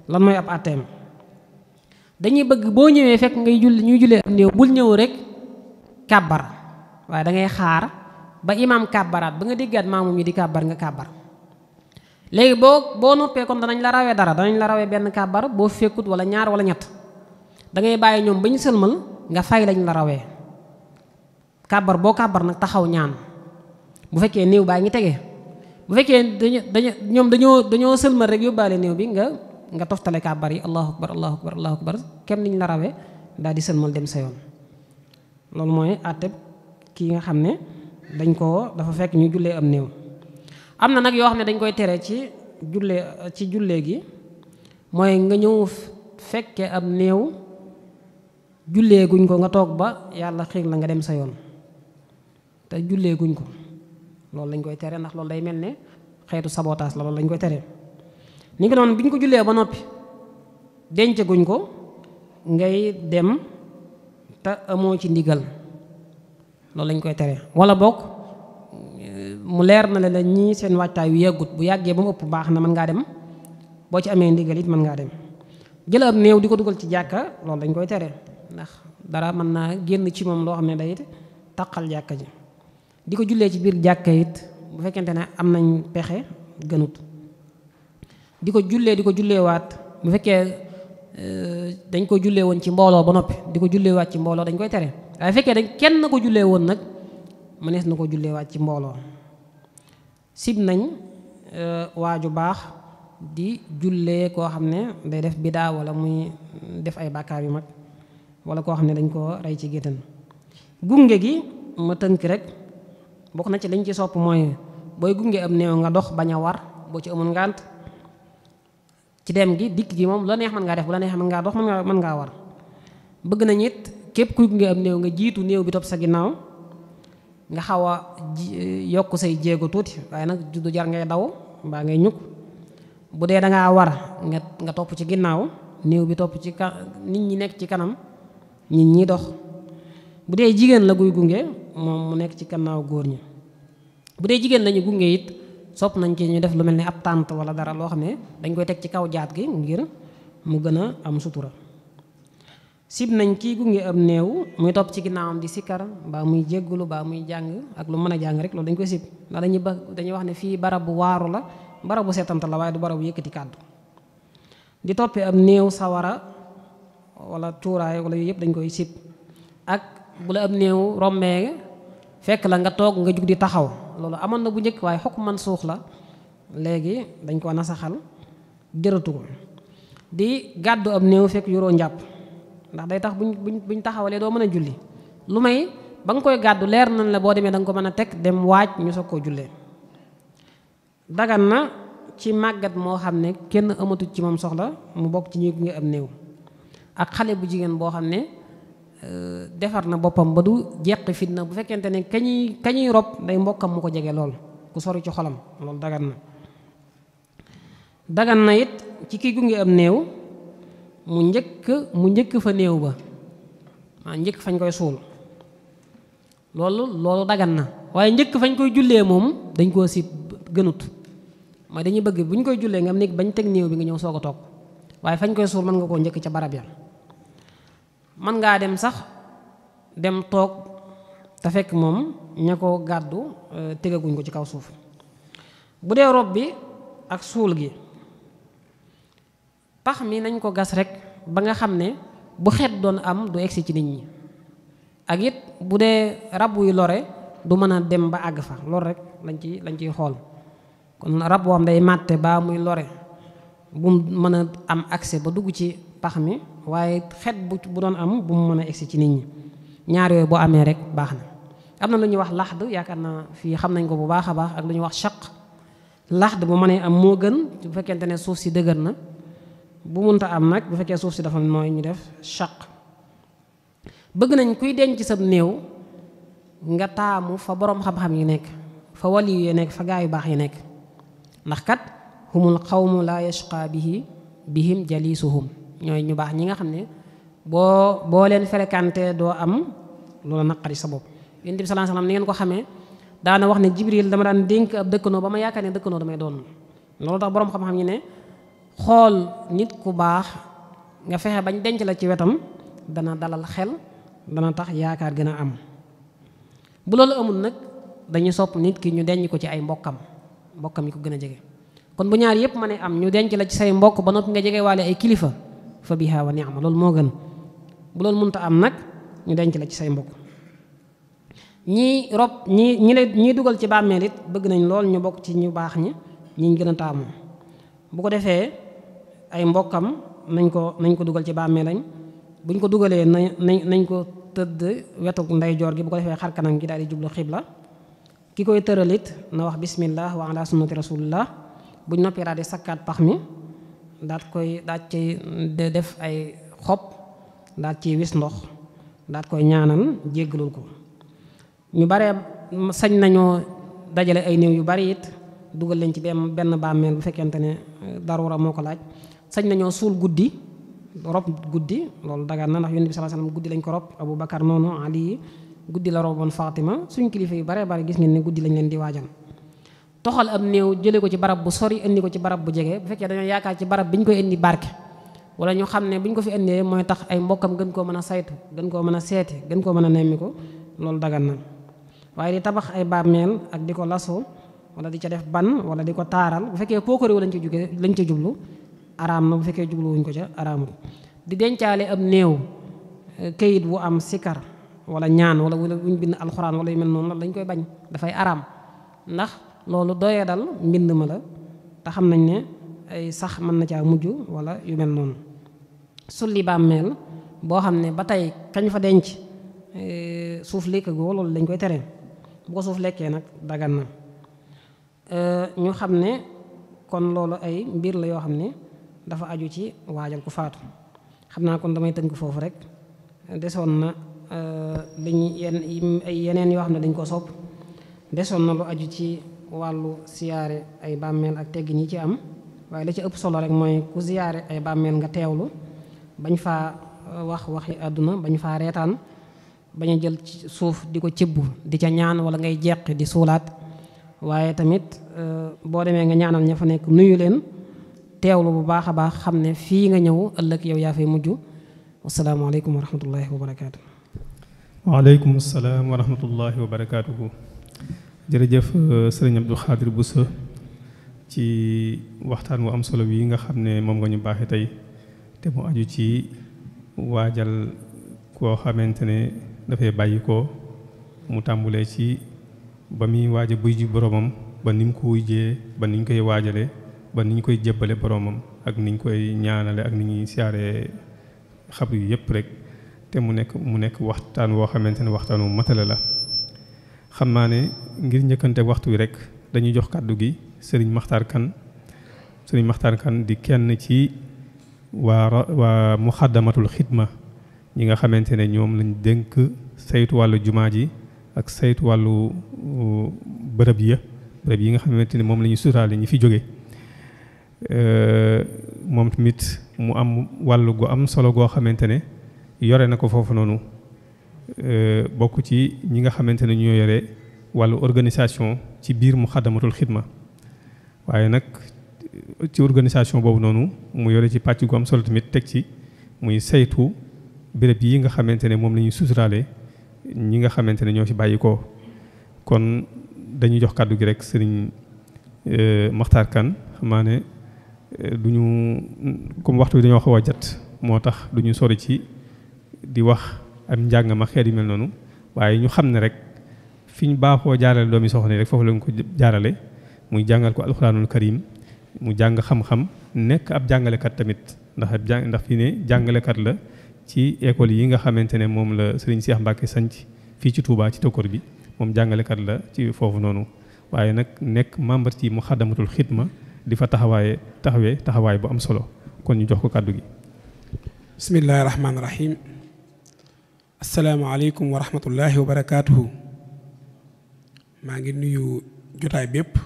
lan mooy ab àtteem dañuy bëgg boo ñëwee fekk ngay julli ñuy jullee ab néew bul ñëw rek kàbbar waaye da ngay xaar ba imaam kàbbaraat ba nga déggaat maamum yi di kàbbar nga kàbbar léegi boo boo noppee kon danañ la rawee dara danañ la rawee benn kàbbar boo fekkut wala ñaar wala ñett da ngay bàyyi ñoom ba ñu sëlmal nga fay lañ la rawee kàbbar boo kàbbar nag taxaw ñaan bu fekkee néew baa ngi tege bu fekkee dañu dañu ñoom dañoo dañoo sëlmal rek yóbbaale néew bi nga nga toftale kàbbar yi allahu akbar allahu akbar allahu akbar kenn niñ la rawee daal di sëlmal dem sa yoon loolu mooy àtte kii nga xam ne dañ koo dafa fekk ñu jullee am néew am na nag yoo xam ne dañ koy tere ci jullee ci jullee gi mooy nga ñëw fekke am néew jullee ko nga toog ba yàlla xiir la nga dem sa yoon te jullee guñ ko loolu lañ koy tere ndax loolu day mel ne xeetu sabotage la loolu lañ koy tere ni ngi noonu bi ñu ko jullee ba noppi denc guñ ko ngay dem te amoo ci ndigal loolu lañ koy tere wala bokk mu leer na la ñii seen waajtaay yu yeggut bu yàggee ba mu ëpp baax na mën ngaa dem boo ci amee ndigal it mën ngaa dem jël ab néew di ko dugal ci jàkka loolu dañ koy tere ndax dara mën naa génn ci moom loo xam ne day taqal jàkka ji di ko jullee ci biir jàkka yit bu fekkente ne am nañ pexe gënut di ko jullee di ko julleewaat bu fekkee eh, dañ ko jullee woon ci mbooloo ba noppi di ko julleewaat ci mbooloo dañ koy tere waaye fekkee dañ kenn ko jullee woon nag mënees na ko waat ci mbooloo sib nañ eh, waaju baax di jullee koo xam ne day def bidaa wala muy def ay bàkkaar yu mag wala koo xam ne dañ ko rey ci géttan gunge gi ma tënk rek bokk na ci liñ ci sopp mooy booy gunge am néew nga dox bañ a war boo ci amul ngànt ci dem gi dikk gi moom la neex mën ngaa def bu la neex mën ngaa dox mën ngaa mën ngaa war bëgg nañ it képp kuy gunge am néew nga jiitu néew bi topp sa ginnaaw nga xaw a eh, yokk say jéego tuuti waaye nag du jar daw mbaa ngay ñukk bu dee da ngaa war nga nga topp ci ginnaaw néew bi topp ci ka nit ñi nekk ci kanam nit ñi dox bu dee jigéen la guy gunge moom mu nekk ci gannaaw góor ñi bu dee jigéen lañu gunge it sopp nañ ci ñu def lu mel ni ab tànt wala dara loo xam ne dañ koy teg ci kaw jaat gi ngir mu gën a am sutura sib nañ kii gunge am néew muy topp ci ginnaawam di sikkar mbaa muy jéggulu baa muy jàng ak lu mën a jàng rek loolu dañ koy sib ndax dañuy ba dañuy wax ne fii barab bu waaru la barab bu setanta la waaye du barab bu yëkkati kàddu di toppee am néew sawara wala cuuraay wala yooyu yëpp dañ koy sib bu la ab néew rombee fekk la nga toog nga jug di taxaw loolu amoon na bu njëkk waaye xokk man suux la léegi dañ ko nasaxal jëratu ko di gàddu ab néew fekk yoroo njàpp ndax day tax buñ buñ buñ taxawalee doo mën a julli lu may ba nga koy gàddu leer nañ la boo demee danga ko mën a teg dem waaj ñu soog koo jullee dagan na ci màggat moo xam ne kenn amatul ci moom soxla mu bokk ci ñuy gunge am néew ak xale bu jigéen boo xam ne Euh, defar na boppam ba du jeqi fitna bu fekkente ne kañuy kañuy rob day mbokkam mu ko jege lool ku sori ci xolam loolu dagan na dagan na it ci kii gunge am néew mu njëkk mu njëkk fa néew ba waa njëkk fañ koy suul loolu loolu dagan na waaye njëkk fañ koy jullee moom dañ koo si gënut ma dañuy bëgg bu ñu koy jullee nga am néeg bañ teg néew bi nga ñëw soog a toog waaye fañ koy suul mën nga koo njëkk ca barab ya mën ngaa dem sax dem toog te fekk moom ña ko gàddu euh, tegaguñ ko ci kaw suuf bu dee rob bi ak suul gi pax mi nañ ko gas rekk ba nga xam ne bu xet doon am du egsi ci nit ñi ak it bu dee rab wuy lore du mën a dem ba àgg fa loolu rek lañ ci lañ ciy xool kon rab woom day màtte baa muy lore bu mën a am accès ba dugg ci pax mi waaye xet bu bu doon am bu mu mën a egsi ci nit ñi ñaar yooyu boo amee rek baax na am na lu ñuy wax laxd yaakaar naa fii xam nañ ko bu baax a baax ak lu ñuy wax chaq laxd bu mënee am moo gën bu fekkente ne suuf si dëgër na bu munta am nag bu fekkee suuf si dafa nooy ñu def chaq bëgg nañ kuy denc ci sa néew nga taamu fa boroom xam-xam yi nekk fa wali nekk fa gaa yu baax yi nekk ndax kat humul qawmu la yashqa bihi bihim jalisuhum ñooy ñu baax ñi nga xam ne boo boo leen fréquenté doo am loola naqari sa bopp yonent bi sallallahu alayhi ni ngeen ko xamee daana wax ne jibril dama daan dénk ab dëkkanoo ba ma yaakaar ne dëkkanoo damay doon loolu tax boroom xam-xam ñi ne xool nit ku baax nga fexe bañ denc la ci wetam dana dalal xel dana tax yaakaar gën a am bu loolu amul nag dañu sopp nit ki ñu denc ko ci ay mbokkam mbokkam yi ko gën a jege kon bu ñaar yëpp ma ne am ñu denc la ci say mbokk ba noppi nga jegewaale ay kilifa fa biha wa ni'ma loolu moo gën bu loolu mënta am nag ñu denc la ci say mbokk ñii rob ñii ñi lay ñii dugal ci bàmmeel it bëgg nañ lool ñu bokk ci ñu baax ñi ñiñ gën a taamu bu ko defee ay mbokkam nañ ko nañ ko dugal ci bàmmeel lañ buñ ko dugalee nañ nañ ko tëdd wetu ndeyjoor gi bu ko defee xar kanam gi daal di jublu xibla ki koy tëral it na wax bismillah wa ala sunnati rasulillah buñ noppee daal di sakkaat pax mi daat koy daat ci mm, def ay xob daat ci wis ndox daat koy ñaanal jéggalul ko ñu bare sañ nañoo dajale ay néew yu bari it dugal leen ci benn benn bàmmeel bu fekkente ne eh, darura moo ko laaj sañ nañoo suul guddi rob guddi loolu dagaan na ndax yonent bi sallallahu alayhi wasallam guddi lañ ko rob Abu Bakar noonu Ali guddi la roboon Fatima suñ kilifa yu bare bare gis ngeen ne guddi lañ leen di waajal toxal am néew jële ko ci barab bu sori indi ko ci barab bu jege bu fekkee dañoo yaakaar ci barab bi ñu koy indi barke wala ñu xam ne bu ñu ko fi indee mooy tax ay mbokkam gën koo mën a saytu gën koo mën a seeti gën koo mën a nemmi loolu dagan na waaye di tabax ay bàmmeel ak di ko laso wala di ca def ban wala di ko taaral bu fekkee pookaréwu lañ ci jugee lañ ca jublu araam na bu fekkee jubluwuñ ko ca araamul di dencaale ab néew eh, kayit wu am sikar wala ñaan wala wala buñ bind alxuraan wala yu mel noonu loolu koy bañ dafay araam loolu doyee dal mbind ma la te xam nañ ne ay sax mën na caa mujj wala yu mel noonu sulli bàmmeel boo xam ne ba tey kañ fa denc eh, suuf lekk goo loolu dañ koy tere bu ko suuf lekkee nag dagan na eh, ñu xam ne kon loolu ay mbir la yoo xam ne dafa aju ci waajal ku faatu xam naa kon damay tënk foofu rek desoon na dañu eh, yenn ay yeneen yoo xam ne dañ koo sopp desoon na lu aju ci wàllu siyaare ay bàmmeel ak teggin yi ci am waaye la ci ëpp solo rek mooy ku siyaare ay bàmmeel nga teewlu bañ faa euh, wax waxi àdduna bañ faa reetaan bañ jël suuf di ko cibbu di ca ñaan wala ngay jeq di suulaat waaye tamit euh, boo demee nga ñaanal ña fa nekk nuyu leen teewlu bu baax a baax xam ne fii nga ñëw ëllëg yow yaa fay mujj wasalaamaaleykum wa rahmatullahi wa barakaatu. waaleykum salaam wa rahmatullahi wa barakaatuhu. jërëjëf euh, sëriñ Abdou bu Bousso ci waxtaan wu am solo yi nga xam ne moom nga ñu baaxee tey te mu aju ci waajal koo xamante ne dafay bàyyi ko mu tàmbulee ci ba muy waaja buy ji boromam ba ni mu ko wujjee ba ni ñu koy waajalee ba ni ñu koy jébbale boromam ak ni ñu koy ñaanale ak ni ñuy siyaaree xab yu yëpp rek te mu nekk mu nekk waxtaan woo xamante ne waxtaan wu matale la. xam naa ne ngir njëkkante waxtu wi rek dañuy jox kàddu gi sëriñ maxtar Kan sëriñ maxtar Kan di kenn ci waa waa muxaddamatul xidma ñi nga xamante ne ñoom lañ dénk saytu wàllu jumaa ji ak saytu wàllu bërëb ya bërëb yi nga xamante ne moom la ñuy sutaale ñi fi jóge moom tamit mu am wàllu gu am solo goo xamante ne yore na ko foofu noonu Euh, bokk ci ñi nga xamante ne ñoo yore wàllu organisation ci biir mu xaddamatul xidma waaye nag ci organisation boobu noonu mu yore ci pàcc gu am solo tamit teg ci muy saytu béréb yi nga xamante ne moom la ñuy susuraale ñi nga xamante ne ñoo ci bàyyi ko kon dañuy jox kàddu gi rek sëriñ euh, Maxtaar Kan xamaa ne euh, du ñu comme waxtu bi dañoo xaw a jat moo tax du ñu sori ci di wax am njàng xeet yu mel noonu waaye ñu xam ne rek fi ñu baaxoo jaarale doomi soxna rek foofu lañ ko jaarale muy jàngal ko alxuraanul karim mu jàng xam-xam nekk ab jàngalekat tamit ndax ab ndax fii ne jàngalekat la ci école yi nga xamante ne moom la Serigne Cheikh Mbacke sanc fii ci Touba ci tokkor bi moom jàngalekat la ci foofu noonu waaye nag nekk membre ci mu xaddamatul xidma di fa taxawaaye taxawee taxawaay bu am solo kon ñu jox ko kàddu gi bismillahi asalaamaaleykum wa rahmatullahi wa barakaatuhu maa ngi nuyu jotaay bépp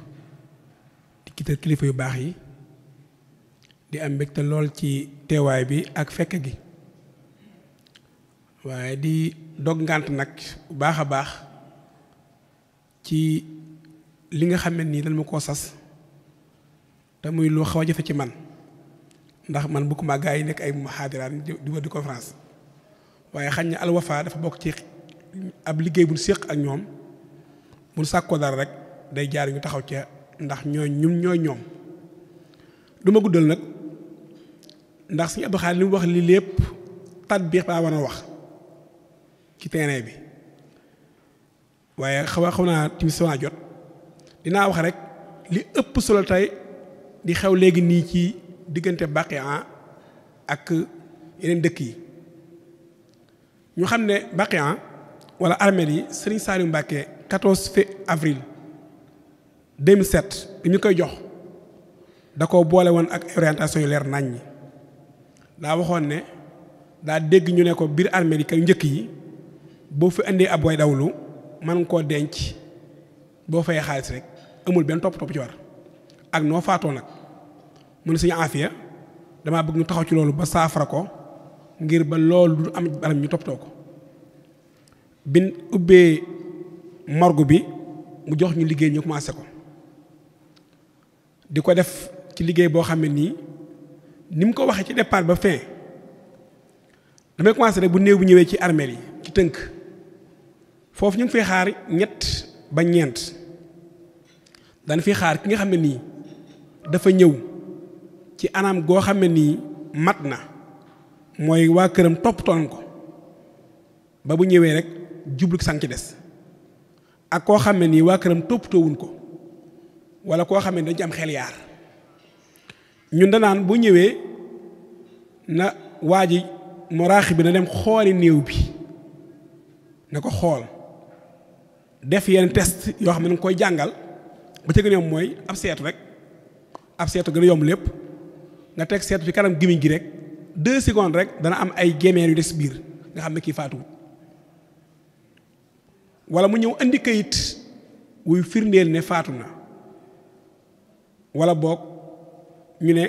di kital kilifa yu baax yi di am mbégte lool ci teewaay bi ak fekk gi waaye di dog ngànt nag bu baax a baax ci li nga xam ne nii dañ ma koo sas te muy lu xaw a jafe ci man ndax man bu ko gaa yi nekk ay muhadiraan di wër di conférence waaye xañ na alwafa dafa bokk ci ab liggéey buñ séq ak ñoom buñ sàkkoo dara rek day jaar ñu taxaw ca ndax ñooy ñum ñooy ñoom du ma ndax suñu Abdou wax li lépp tatbiix baa war a wax ci terrain bi waaye xaw xaw naa tamit jot dinaa wax rek li ëpp solo tey di xew léegi nii ci diggante Baqiya ak yeneen dëkk yi ñu xam ne baqiyan ah, wala armeel yi Serigne Saliou Mbacké 14 fe avril 2007 bi ñu koy jox da ko boole woon ak orientation yu leer nañ ñi daa waxoon ne daa dégg ñu ne ko biir armeel yi kay njëkk yi boo fi indee ab way dawlu mën nga koo denc boo fayee xaalis rek amul benn topp topp ci war ak noo faatoo nag mun suñu afiya damaa bëgg ñu taxaw ci loolu ba saafara ko ngir ba loolu du am balam ñu toppatoo ko bin ubbee morgue bi mu jox ñu liggéey ñu commencé ko di ko def ci liggéey boo xam ne nii ni mu ko waxee ci départ ba fin damay commencé rek bu néew bu ñëwee ci armeel yi ci tënk foofu ñu ngi fay xaar ñett ba ñeent dana fi xaar ki nga xam ne nii dafa ñëw ci anaam goo xam ne nii mat na mooy waa këram toppatoo nañ ko ba bu ñëwee rek jublu sang ci des ak koo xam ne nii waa këram toppatoo wuñ ko wala koo xam ne dañ ci am xel yaar ñun danaan bu ñëwee na waa ji moraaxi bi na dem xooli néew bi na ko xool def yenn test yoo xam ne danga koy jàngal ba ca gën yomb mooy ab seetu rek ab seetu gën a yomb lépp nga teg seetu ci kanam gimiñ gi rek deux secondes rek dana am ay gémeer yu des biir nga xam ne kii faatuwut wala mu ñëw indi kayit wuy firndeel ne faatu na wala boog ñu ne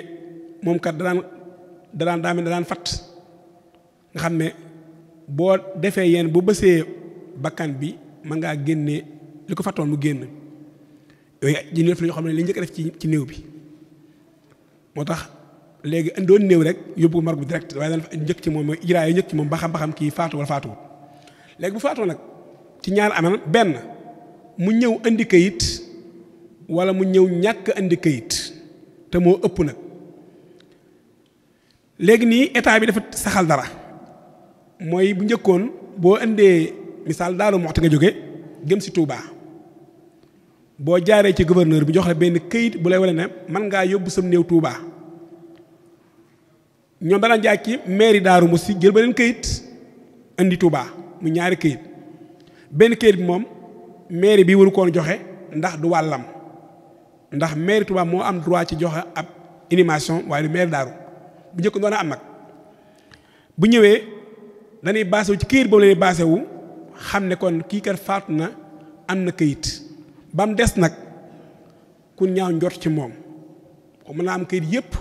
moom kat daan daan daa ne daan fatt nga xam ne boo defee yeen bu bësee bakkan bi mën ngaa génnee li ko fattoon mu génn yooyu ñu def la ñoo xam ne li njëkk def ci ci néew bi moo tax léegi doon néew rek yóbbu morgue bu direct waaye daal njëkk ci moom mooy ijraa yi njëkk ci moom ba xam ba xam kii faatu wala faatuwul léegi bu faatoo nag ci ñaar anam benn mu ñëw indi kayit wala mu ñëw ñàkk indi kayit te moo ëpp nag léegi nii état bi dafa saxal dara mooy bu njëkkoon boo indee misaal Daaru Muxti nga jóge jëm si tuubaa boo jaaree ci gouverneur bi jox la benn kayit bu lay wane ne mën ngaa yóbbu sam néew tuubaa ñoom danañ jaay ci mairie Daaru Musi jël beneen këyit indi tubaa mu ñaari këyit benn këyit bi moom mairie bi waru koon joxe ndax du wàllam ndax mairie Touba moo am droit ci joxe ab inimation waaye du mairie Daaru bu njëkk doon a am nag bu ñëwee dañuy baase ci këyit boobu la ñuy baase wu xam ne kon kii kat faatu na am na këyit ba des nag ku ñaaw njort ci moom mën naa am këyit yëpp.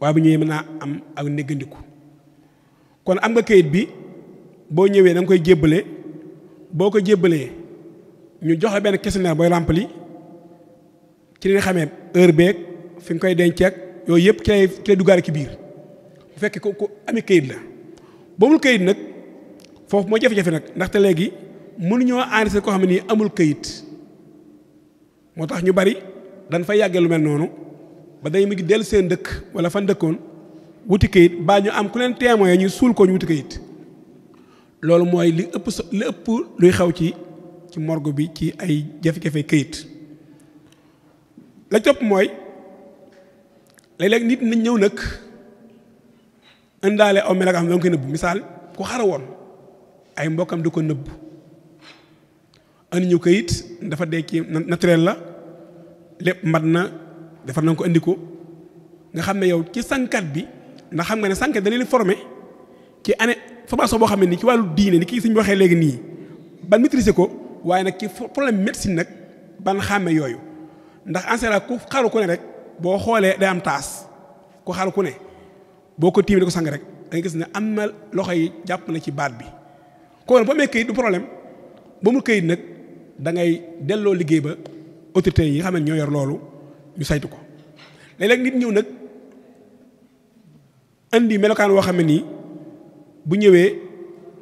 waaye bu ñëwee mën naa am ak néggandiku kon am nga kayit bi boo ñëwee da koy jébbale boo ko jébbalee ñu jox benn questionnaire booy rempli ci li nga xamee heure beeg fi nga koy denceeg yooyu yëpp ci lay ci lay duggaale ci biir bu fekkee ko ko ami kayit la boomul kayit nag foofu moo jafe-jafe nag ndaxte léegi mënuñoo enregistré koo xam ne nii amul kayit moo tax ñu bari dañ fay yàggee lu mel noonu ba day mujj dellu seen dëkk wala fan dëkkoon wuti kayit baa ñu am ku leen témoin ñu suul ko ñu wuti kayit loolu mooy li ëpp so li ëpp luy xaw ci ci morgo bi ci ay jafe-jafe kayit la topp mooy léeg-léeg nit nañ ñëw nag indaale aw mel ak am da ay mbokkam di ko nëbbu andi ñu kayit dafa dee ci naturel la lépp mat na defar nañ ko indi ko nga xam ne yow ci sànkat bi ndax xam nga ne sànkat da leen formé ci année formation boo xam ne nii ci wàllu diine ni kii suñu waxee léegi nii ban maîtriser ko waaye nag ci problème médecine nag ban xàmme yooyu ndax ansela ku xaru ku ne rek boo xoolee day am taas ku xaru ku ne boo ko tiimee di ko sang rek da gis ne am na loxo yi jàpp na ci baat bi kooku nag boo amee këyit du problème ba mu këyit nag da ngay delloo liggéey ba autorité yi xam ne ñoo yor loolu ñu saytu ko léeg-léeg nit ñëw nag indi melokaan woo xam ne nii bu ñëwee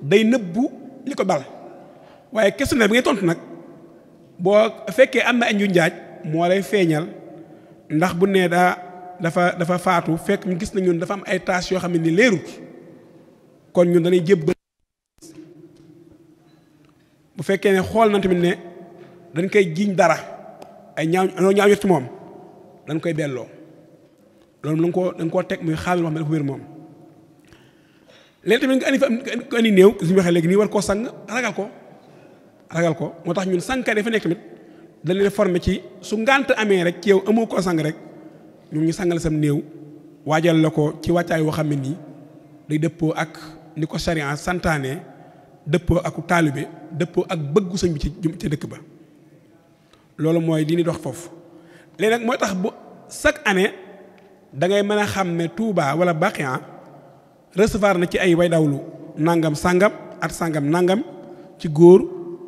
day nëbbu li ko dal waaye questionnaire bi ngay tontu nag boo fekkee am na ay nju moo lay feeñal ndax bu nee daa dafa dafa faatu fekk ñu gis na ñun dafa am ay tâches yoo xam ne ni leerut kon ñu dañuy jébbal bu fekkee ne xool na tamit ne dañ koy jiiñ dara ay ñaaw ñoo ñaaw ci moom dañ koy delloo loolu da nga koo da nga koo teg muy xaaral wax moom. léegi tamit nga andi fa nga andi néew suñu waxee léegi nii war koo sang ragal ko ragal ko moo tax ñun sànqal dafa nekk tamit dañ leen ci su ngànt amee rek ci yow amoo koo sang rek ñoom ñu sangal sam néew waajal la ko ci wàccaay woo xam ne nii day dëppoo ak ni ko charia santaane dëppoo ak taalibe dëppoo ak bëggu sëñ bi ci ci dëkk ba loolu mooy li ñuy dox foofu. léegi nag mooy tax bu chaque année da ngay mën a xam ne Touba wala Baqiya recevoir na ci ay waydawlu dawlu nangam sangam at sàngam nangam ci góor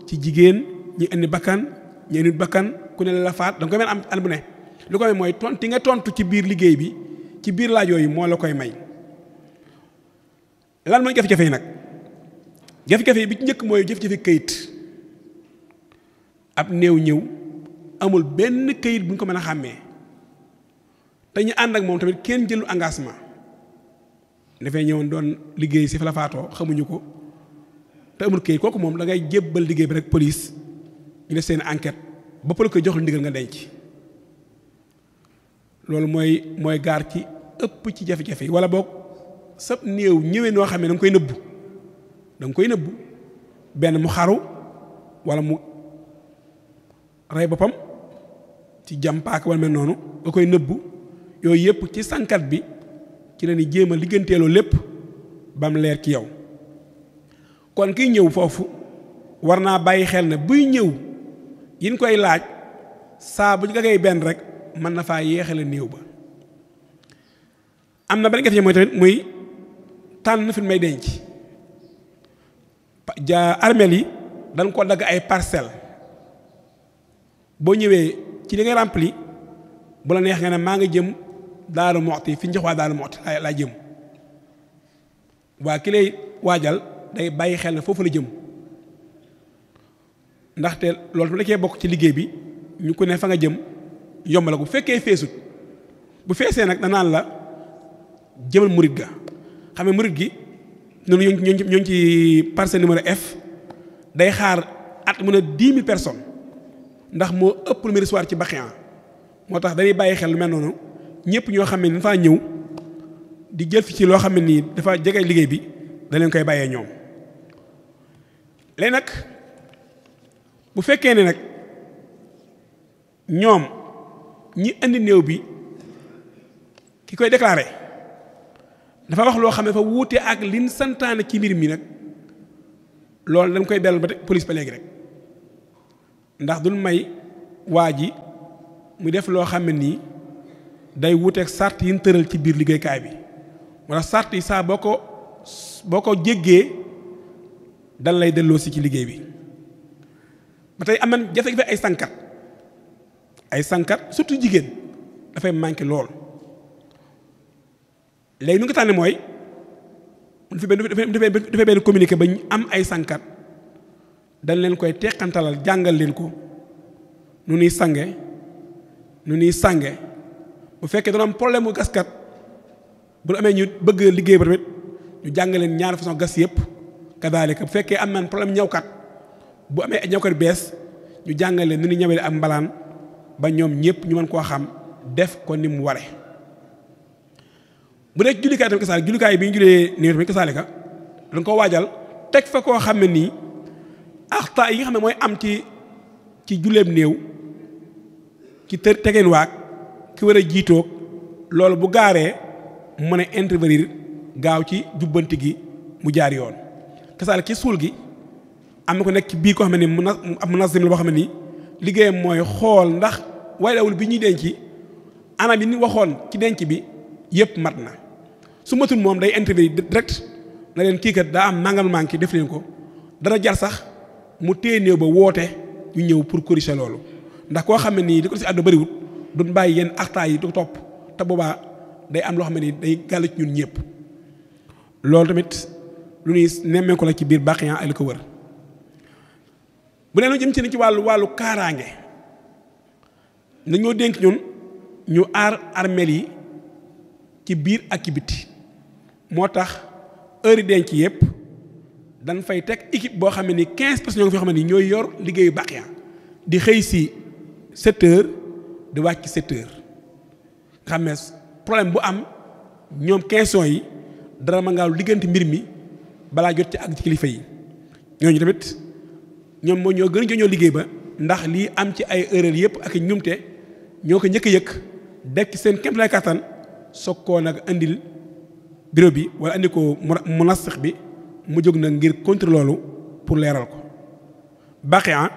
ci jigéen ñi indi bakkan ñi indi bakkan ku ne la faat da nga koy mën am an bu ne. lu ko may mooy tonti nga tontu ci biir liggéey bi ci biir laaj yi moo la koy may lan mooy jafe-jafe yi nag jafe-jafe yi bi ci njëkk mooy jafe-jafe kayit ab néew ñëw. amul benn këyit bu ñu ko mën a xàmmee te ñu ànd ak moom tamit kenn jëlu engagement dafay ñëwoon doon liggéey si fa xamuñu ko te amul këyit kooku moom da ngay jébbal liggéey bi rek police ñu def seen enquête ba pël ko jox lu ndigal nga denc loolu mooy mooy gaar ci ëpp ci jafe-jafe yi wala boog sab néew ñëwee noo xam ne da koy nëbbu danga koy nëbbu benn mu xaru wala mu rey boppam ci jam paak wala mel noonu nga koy nëbbu yooyu yëpp ci sankat bi ci la ni jéem a ligganteeloo lépp ba mu leer ci yow kon kiy ñëw foofu war naa bàyyi xel ne buy ñëw yin koy laaj saa bu ñu koy benn rek mën na faa yeexale néew ba am na benn jafe mooy tamit muy tànn fi may denc ja armeel yi dañ ko dagg ay parcelle boo ñëwee ci li nga rempli bu la neex nga ne maa ngi jëm daaru moxti fi njëx waa daaru moxti laa jëm waa ki lay waajal day bàyyi xel na foofu la jëm ndaxte loolu tam da cee bokk ci liggéey bi ñu ko ne fa nga jëm yomb la ko bu fekkee feesut bu feesee nag danaan la jëmal murit ga xam ne murit gi noonu ñoo ngi ci parcelle numéro F day xaar at mu ne dix mille personnes ndax moo ëpp lu muy recevoir ci Bakhia moo tax dañuy bàyyi xel lu mel noonu ñëpp ñoo xam ne dafaa ñëw di jël ci loo xam ne nii dafa jege liggéey bi da leen koy bàyyee ñoom. léegi nag bu fekkee ne nag ñoom ñi indi néew bi ki koy déclaré dafa wax loo xam ne dafa wuute ak liñ santaane ci mbir mi nag loolu dañ koy dellu ba police ba léegi rek. ndax dul may waa ji muy def loo xam ne nii day wuteeg sart yi ñu tëral ci biir liggéeykaay bi wala sart yi saa boo ko boo ko jéggee dal lay delloo ci liggéey bi ba tey am na jafe-jafe ay sankat ay sankat surtout jigéen dafay manqué lool léegi nu nga tànne mooy dafay benn dafay benn communiqué ba ñu am ay sankat dañ leen koy teqantalal jàngal leen ko nu nuy sange nu nuy sange bu fekkee dana am problème mu gaskat bu amee ñu bëgg liggéey ba tamit ñu jàngal leen ñaari façon gas yëpp kadaalika bu fekkee am naan problème ñawkat bu amee ñawkat bees ñu jàngal leen nu ñuy ñawele ak mbalaan ba ñoom ñëpp ñu mën koo xam def ko ni mu ware bu nekk jullikaay tamit kasaal jullikaay bi ñu julee nii tamit kasaalika dañ ko waajal teg fa koo xam ne nii axta yi nga xam ne mooy am ci ci julleeb néew ci te tegeen waag ki war a jiitoog loolu bu gaaree mën ne intervenir gaaw ci jubbanti gi mu jaar yoon kasaal ci suul gi am na ko nekk ci biir koo xam ne ni muna ab munasim la boo xam ne ni liggéeyam mooy xool ndax waylawul bi ñuy denc anam yi ni waxoon ci denc bi yëpp mat na su matul moom day intervenir direct na leen kii kat daa am nangal manqué def leen ko dana jar sax mu téye néew ba woote ñu ñëw pour corriger loolu ndax koo xam ne nii li ko si àdduna bëriwut duñ bàyyi yenn artaay yi du topp te boobaa day am loo xam ne nii day gàll ci ñun ñëpp loolu tamit lu ñuy nemmee ci biir Bakhina ak li ko wër bu nee lu jëm ci wàllu wàllu kaaraange nañoo dénk ñun ñu aar armeel yi ci biir ak ci biti moo tax heure denc yëpp dañ fay teg équipe boo xam ne ni quinze personnes yoo xam ne ñooy yor liggéeyu Bakhya di xëy si sept heures di wàcc sept nga xam problème bu am ñoom question yi dara ma ngaaw liggante mbir mi balaa jot ci ak kilifa yi ñooñu tamit ñoom moo ñoo gën a ñoo liggéey ba ndax lii am ci ay erreur yëpp ak ñumte ñoo ko njëkk a yëkk def ci seen kéemtalaay kattan soog koo nag andil bureau bi wala andi ko munasax bi. mu jóg na ngir contre loolu pour leeral ko Bakhia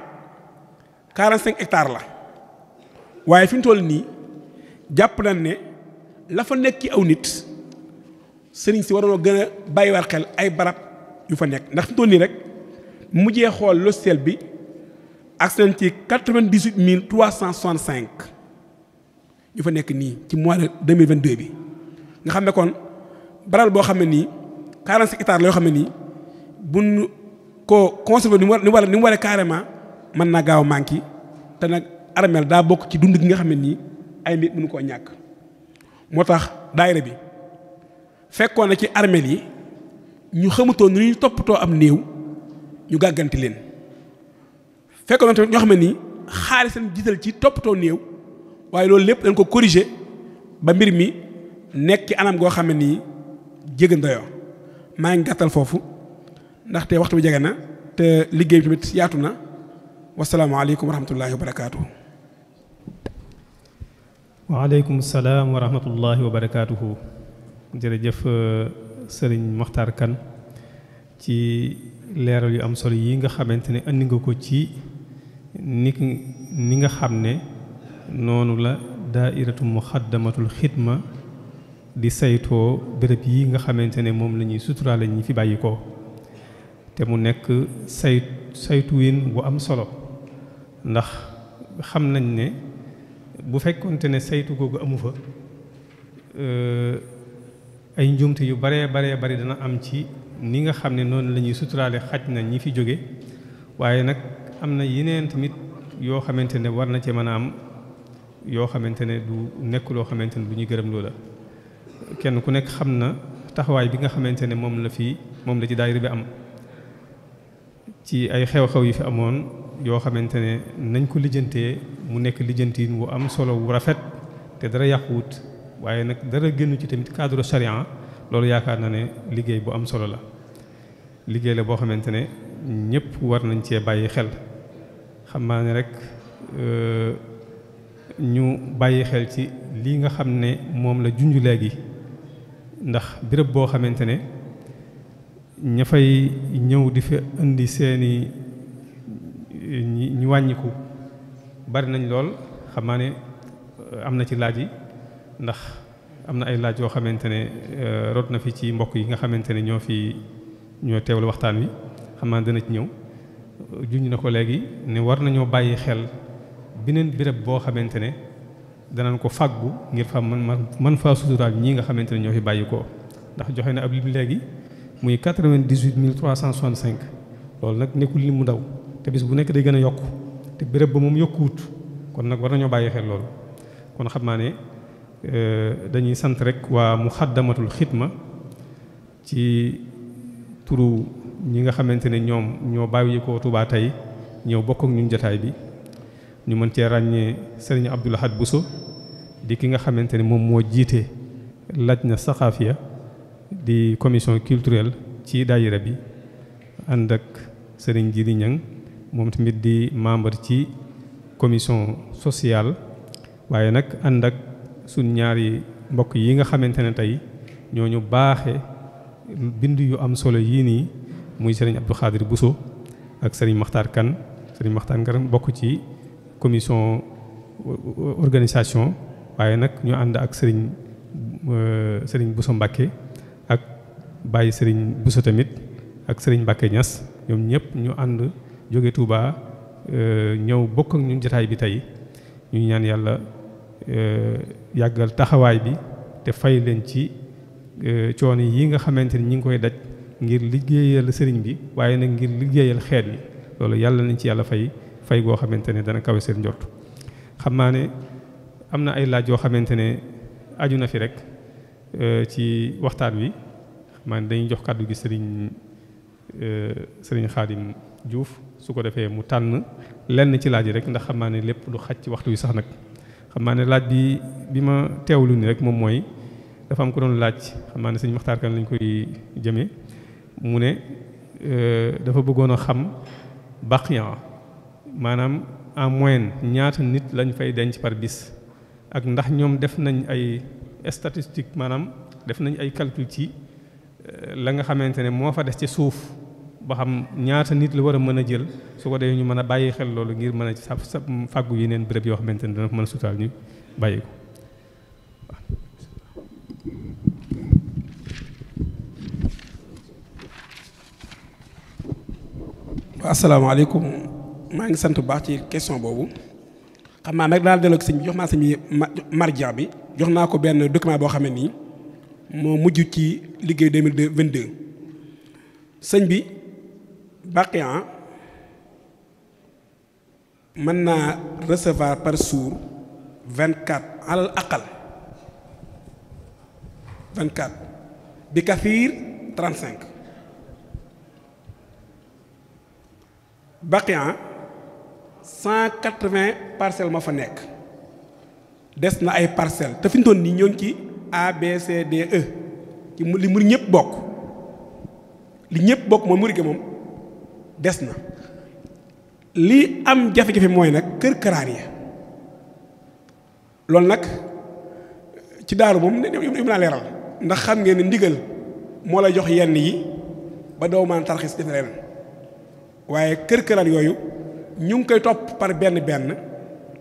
ah, cinq hectares la waaye fi toll nii jàpp nañ ne la fa nekk ci aw nit sëriñ si waroon gën a bàyyiwaat xel ay barab yu fa nekk ndax fi nii rek mujjee xool logiciel bi ak seen ci 98 mille 365 yu fa nekk nii ci mois de 2022 bi nga xam ne kon baral boo xam ne nii. quarante cinq hectares la yoo xam ne nii buñ ko conservé ni mu war ni war ni mu mën naa gaaw a manqué te nag armeel daa bokk ci dund gi nga xam ne nii ay nit mënu koo ñàkk moo tax daayira bi fekkoon na ci armeel yi ñu xamutoon nu ñuy toppatoo am néew ñu gàgganti leen fekkoon na tamit ñoo xam ne nii xaalis seen jiital ci toppatoo néew waaye loolu lépp dañ ko corriger ba mbir mi nekk ci anam goo xam ne nii jéggi ndayoo maa ngi gàttal foofu ndaxte waxtu bi jege na te liggéey bi tamit yaatu na wasalaamaaleykum wa rahmatullahi wa barakaatu. waaleykum salaam wa rahmatullahi wa jërëjëf euh, sëriñ Makhtar Kane ci leeral yu am solo yi nga xamante ne andi nga ko ci ni ni nga xam ne noonu la daairatu muxaddamatul xidma di saytoo béréb yi nga xamante ne moom la ñuy suturaale ñi fi bàyyi ko te mu nekk say saytuwin bu am solo ndax xam nañ ne bu fekkonte ne saytu googu amu fa euh, ay njuumte yu baree baree bari dana am ci ni nga xam ne noonu lañuy ñuy suturaale xaj na ñi fi jóge waaye nag am na yeneen tamit yoo xamante ne war na ci mën a am yoo xamante ne du nekk loo xamante ne lu ñuy gërëm loola kenn ku nekk xam na taxawaay bi nga xamante ne moom la fi moom la ci daayira bi am ci ay xew-xew yu fi amoon yoo xamante ne nañ ko lijjantee mu nekk lijjantiin wu am solo wu rafet te dara yàquwut waaye nag dara génn ci tamit cadre charia loolu yaakaar na ne liggéey bu am solo la liggéey la boo xamante ne ñëpp war nañ cee bàyyi xel xam naa ne rek euh, ñu bàyyi xel ci lii nga xam ne moom la junj léegi ndax béréb boo xamante ne ña fay ñëw di fi indi seeni ñu wàññiku bari nañ lool xam naa ne euh, am na ci laaj yi ndax am na ay laaj yoo xamante ne euh, rot na fi ci mbokk yi nga xamante ne ñoo fi ñoo teewal waxtaan wi xam ne dana ci ñëw junj na ko léegi ne war nañoo bàyyi xel beneen béréb boo xamante ne danañ ko fàggu ngir fa man man faa suturaal ñii nga xamante ne ñoo fi bàyyi ko ndax joxe na ab lim léegi muy quatre-vingt-dix-huit cent soixante-cinq loolu nag nekkul li mu daw te bis bu nekk day gën a yokku te béréb ba moom yokkuwut kon nag war nañoo bàyyi xel loolu kon xam naa ne euh, dañuy sant rek waa mu Muxaddamatul ma ci turu ñi nga xamante ne ñoom ñoo bàyyi ko Tuubaa tey ñëw bokk ak ñun jataay bi ñu mën cee ràññee sëriñ Abdul Ahad Bousso di ki nga xamante ne moom moo jiite laaj na saxaafiya di commission culturelle ci daayira bi ànd ak sëriñ Jiri Ñang moom tamit di membre ci commission sociale waaye nag ànd ak suñ ñaari mbokk yi nga xamante ne tey ñooñu baaxe bind yu am solo yii nii muy sëriñ Abdou Khadir Bousso ak sëriñ Makhtar kan sëriñ Makhtar Kane bokk ci commission organisation waaye nag ñu ànd ak sëriñ euh, sëriñ Bousso Mbacke ak bàyyi sëriñ Bousso tamit ak sëriñ Mbacke ñas ñoom ñëpp ñu ànd jóge Touba euh, ñëw bokk ñu ñun bi tey ñu ñaan yàlla euh, yàggal taxawaay bi te fay leen ci coono yi nga xamante ni ñi ngi koy daj ngir liggéeyal sëriñ bi waaye nag ngir liggéeyal xeet yi loolu yàlla nañ ci yàlla fay. fay goo xamante ne dana kawe seen njort xam naa ne am na ay laaj yoo xamante ne aju na fi rek euh, ci waxtaan wi xam naa ne dañuy jox kàddu gi sëriñ euh, sëriñ Xaadim juuf su ko defee mu tànn lenn ci laaj yi rek ndax xam naa ne lépp du xaj ci waxtu wi sax nag xam naa ne laaj bi bi ma teewlu ni rek moom mooy dafa am ko doon laaj xam naa ne sëñ Maxtaar Kan lañ koy jëme mu ne euh, dafa bëggoon a xam baqiyan maanaam en moyenne ñaata nit lañ fay denc par bis ak ndax ñoom def nañ ay statistique maanaam def nañ ay calcul ci euh, la nga xamante ne moo fa des ci suuf ba xam ñaata nit la war a mën a jël su ko dee ñu mën a bàyyi xel loolu ngir mën a sa sa fàggu yeneen béréb yoo xamante ne dana ko mën a sutaal ñu bàyyi ko. maa ngi sant bu baax ci question boobu xam naa nag daal delloo ak sëñ bi jox naa sëñ bi marja bi jox naa ko benn document boo xam ne nii moo mujj ci liggéey deux mille vingt deux sëñ bi Bakhia mën naa recevoir par jour vingt quatre alal aqal vingt quatre bi kafiir trente cinq cent quatre-vingts parcelles moo fa nekk des na ay parcelles te fi ñu toon nii ñoo ci A B C D e. li mu ñëpp bokk li ñëpp bokk mooy murid gi moom des na li am jafe-jafe mooy nag kër karaar yi loolu nag ci daaru moom yu naa leeral ndax xam ngeen ne ndigal moo la jox yenn yi ba doo mën tarxis def leneen waaye kër karaar yooyu ñu ngi koy topp par benn benn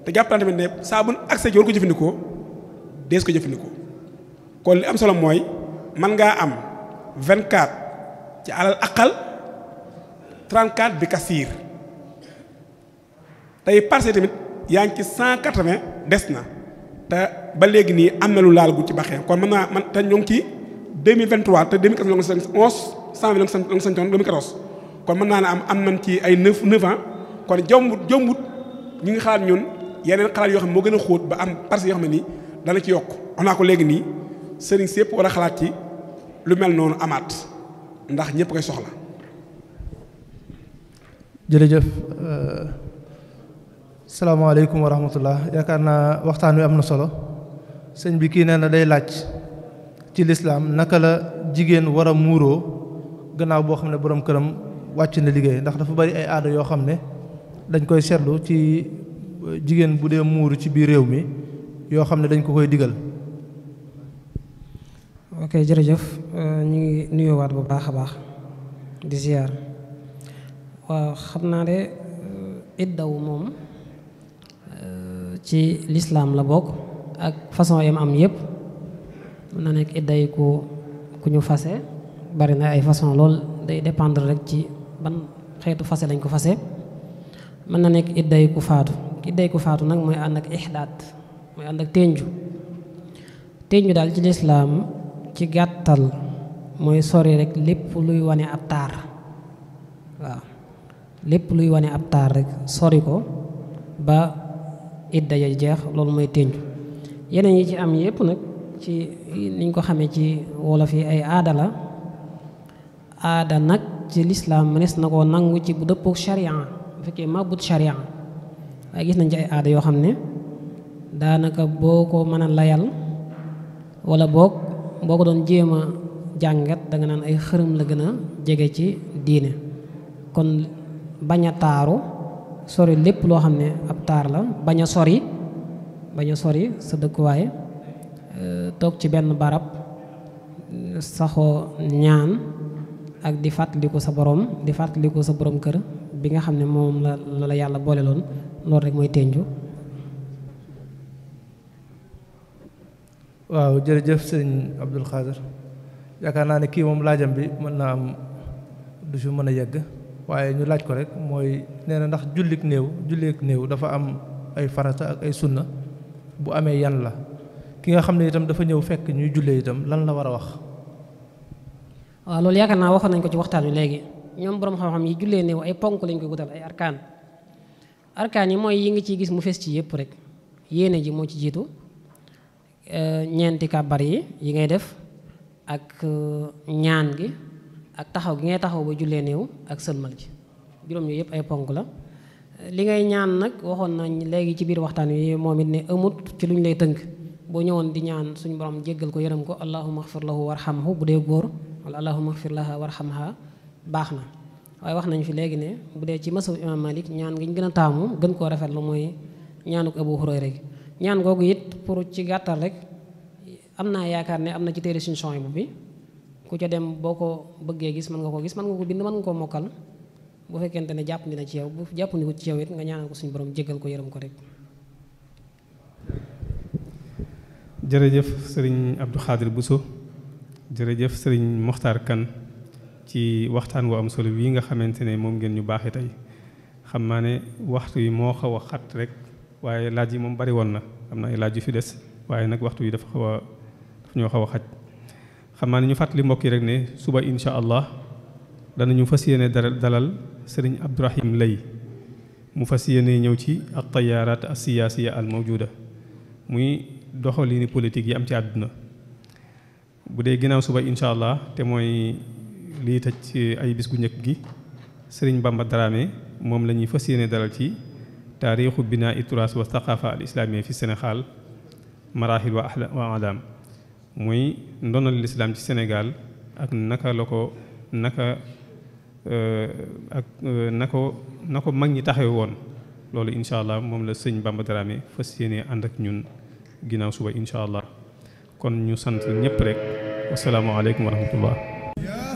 te jàpp naa tamit ne saa bu accès ko jëfandikoo des ko jëfandikoo kon li am solo mooy man ngaa am 24 ci alal aqal 34 bi kasiir tey parcelle tamit yaa ngi ci 180 des na te ba léegi nii am na lu laal bu ci baxee kon man naa man te ñoo ngi ci 2023 te 2014 la nga ko sañ 11 100 la nga ko sañ 2014 kon mën naa ne am am nañ ci ay 9 9 ans. kon jombut jombut ñu ngi xalaat ñun yeneen xalaat yoo xam ne moo gën a xóot ba am parce que yoo xam ne nii dana ci yokk wax naa ko léegi nii sëriñ sépp war a xalaat ci lu mel noonu amaat ndax ñëpp koy soxla. jërëjëf euh, salaamaaleykum wa rahmatullah yaakaar naa waxtaan wi am na solo sëñ bi kii nee na day laaj ci lislaam naka la jigéen war a muuroo gannaaw boo xam ne borom këram wàcc na liggéey ndax dafa bari ay aada yoo xam ne. dañ koy seetlu ci jigéen bu dee muuru ci biir réew mi yoo xam ne dañ ko koy digal. ok jërëjëf euh, ñu ngi nuyoowaat bu baax a baax di ziar waaw xam naa de euh, daw moom euh, ci lislaam la bokk ak façon yam am yëpp mën na nekk idday ku ku ñu fase bari na ay façon lool day dépendre rek ci ban xeetu fase lañ ko fase mën na nekk idday ku faatu idday ku faatu nag mooy ànd ak ixdaat mooy ànd ak tenju tenju daal ci lislaam ci gàttal mooy sori rek lépp luy wane ab taar waaw lépp luy wane ab taar rekk sori ko ba idda ya jeex loolu mooy tenju yeneen yi ci am yépp nag ci niñ ko xamee ci wolof yi ay aada aada nag ci lislaam mënees na koo nangu ci bu dëppook sharia fekkee mabut charia waaye gis nañ ci ay aada yoo xam ne daanaka boo ko mën layal wala boo boo ko doon jéem a jàngat da naan ay xërëm la gën a jege ci diine kon bañ a taaru sori lépp loo xam ne ab taar la bañ a sori bañ a sori sa dëkkuwaay euh, toog ci benn barab saxoo ñaan ak di fàttaliku sa boroom di fàttaliku sa boroom kër bi nga xam ne moom la la yàlla boole loon loolu rek mooy tenju waaw jërëjëf sëñ Abdul Xaadir yaakaar naa ne kii moom laajam bi mën naa am du fi mën a yegg waaye ñu laaj ko rek mooy nee na ndax jullik néew julleek néew dafa am ay farata ak ay sunna bu amee yan la ki nga xam ne itam dafa ñëw fekk ñuy jullee itam lan la war a wax waaw loolu yaakaar naa waxoon nañ ko ci waxtaan wi léegi ñoom boroom xam-xam yi jullee néew ay ponk lañ koy wutal ay arkaan arkaan yi mooy yi nga ci gis mu fes ci yëpp rek yéene ji moo ci jiitu euh, ñeenti kàbbar yi yi ngay def ak euh, ñaan gi ak taxaw gi ngay taxaw ba jullee néew ak sëlmal ji juróom yooyu yëpp ay ponk la li ngay ñaan nag waxoon nañ léegi ci biir waxtaan wi moom it ne amut ci lu ñu lay tënk boo ñëwoon di ñaan suñu borom jéggal ko yërëm ko allahuma xfir lahu warxamhu bu dee góor wala allahuma xfir laha warxamha baax na waaye wax nañ fi léegi ne bu dee ci masab imam malik ñaan ngi ñu gën a taamu gën koo rafet lu mooy ñaanu ko abu hurayra rek ñaan googu it pour ci gàttal rek am naa yaakaar ne am na ci téere suñu son bu bi ku ca dem boo ko bëggee gis mën nga ko gis mën nga ko bind mën nga koo mokkal bu fekkente ne jàpp na ci yow bu jàpp ni ko ci yow it nga ñaanal ko suñu borom jéggal ko yërëm ko rek jërëjëf sëriñ Abdou Khadir Bousso jërëjëf sëriñ Mokhtar Kane ci waxtaan wu am solo bii nga xamante ne moom ngeen ñu baaxee tey xam naa ne waxtu yi moo xaw a xat rek waaye laaj yi moom bari woon na am na ay laaj yu fi des waaye nag waxtu yi dafa xaw a ñoo xaw a xaj xam naa ne ñu fàttali mbokk yi rek ne suba incha allah danañu fas yéene dalal sëriñ Abdourahim Lay mu fas yéene ñëw ci ak tayaaraat as siyaasiya al mawjuda muy doxalini politique yi am ci àdduna bu dee ginnaaw suba incha allah te mooy lii tëj ay bis gu njëkk gi sëriñ Bamba Dramé moom la ñuy fas yéene dalal ci taarixu binaa ituraas wa thaqafa al islaamiyya fi Sénégal marahil wa wa alam muy ndonal lislaam ci Sénégal ak naka la ko naka euh, ak euh, na ko ko mag ñi taxawe woon loolu incha allah moom la sëñ Bamba Dramé fas yéene ànd ak ñun ginnaaw suba incha allah kon ñu sant ñëpp rek asalaamaaleykum wa rahmatullah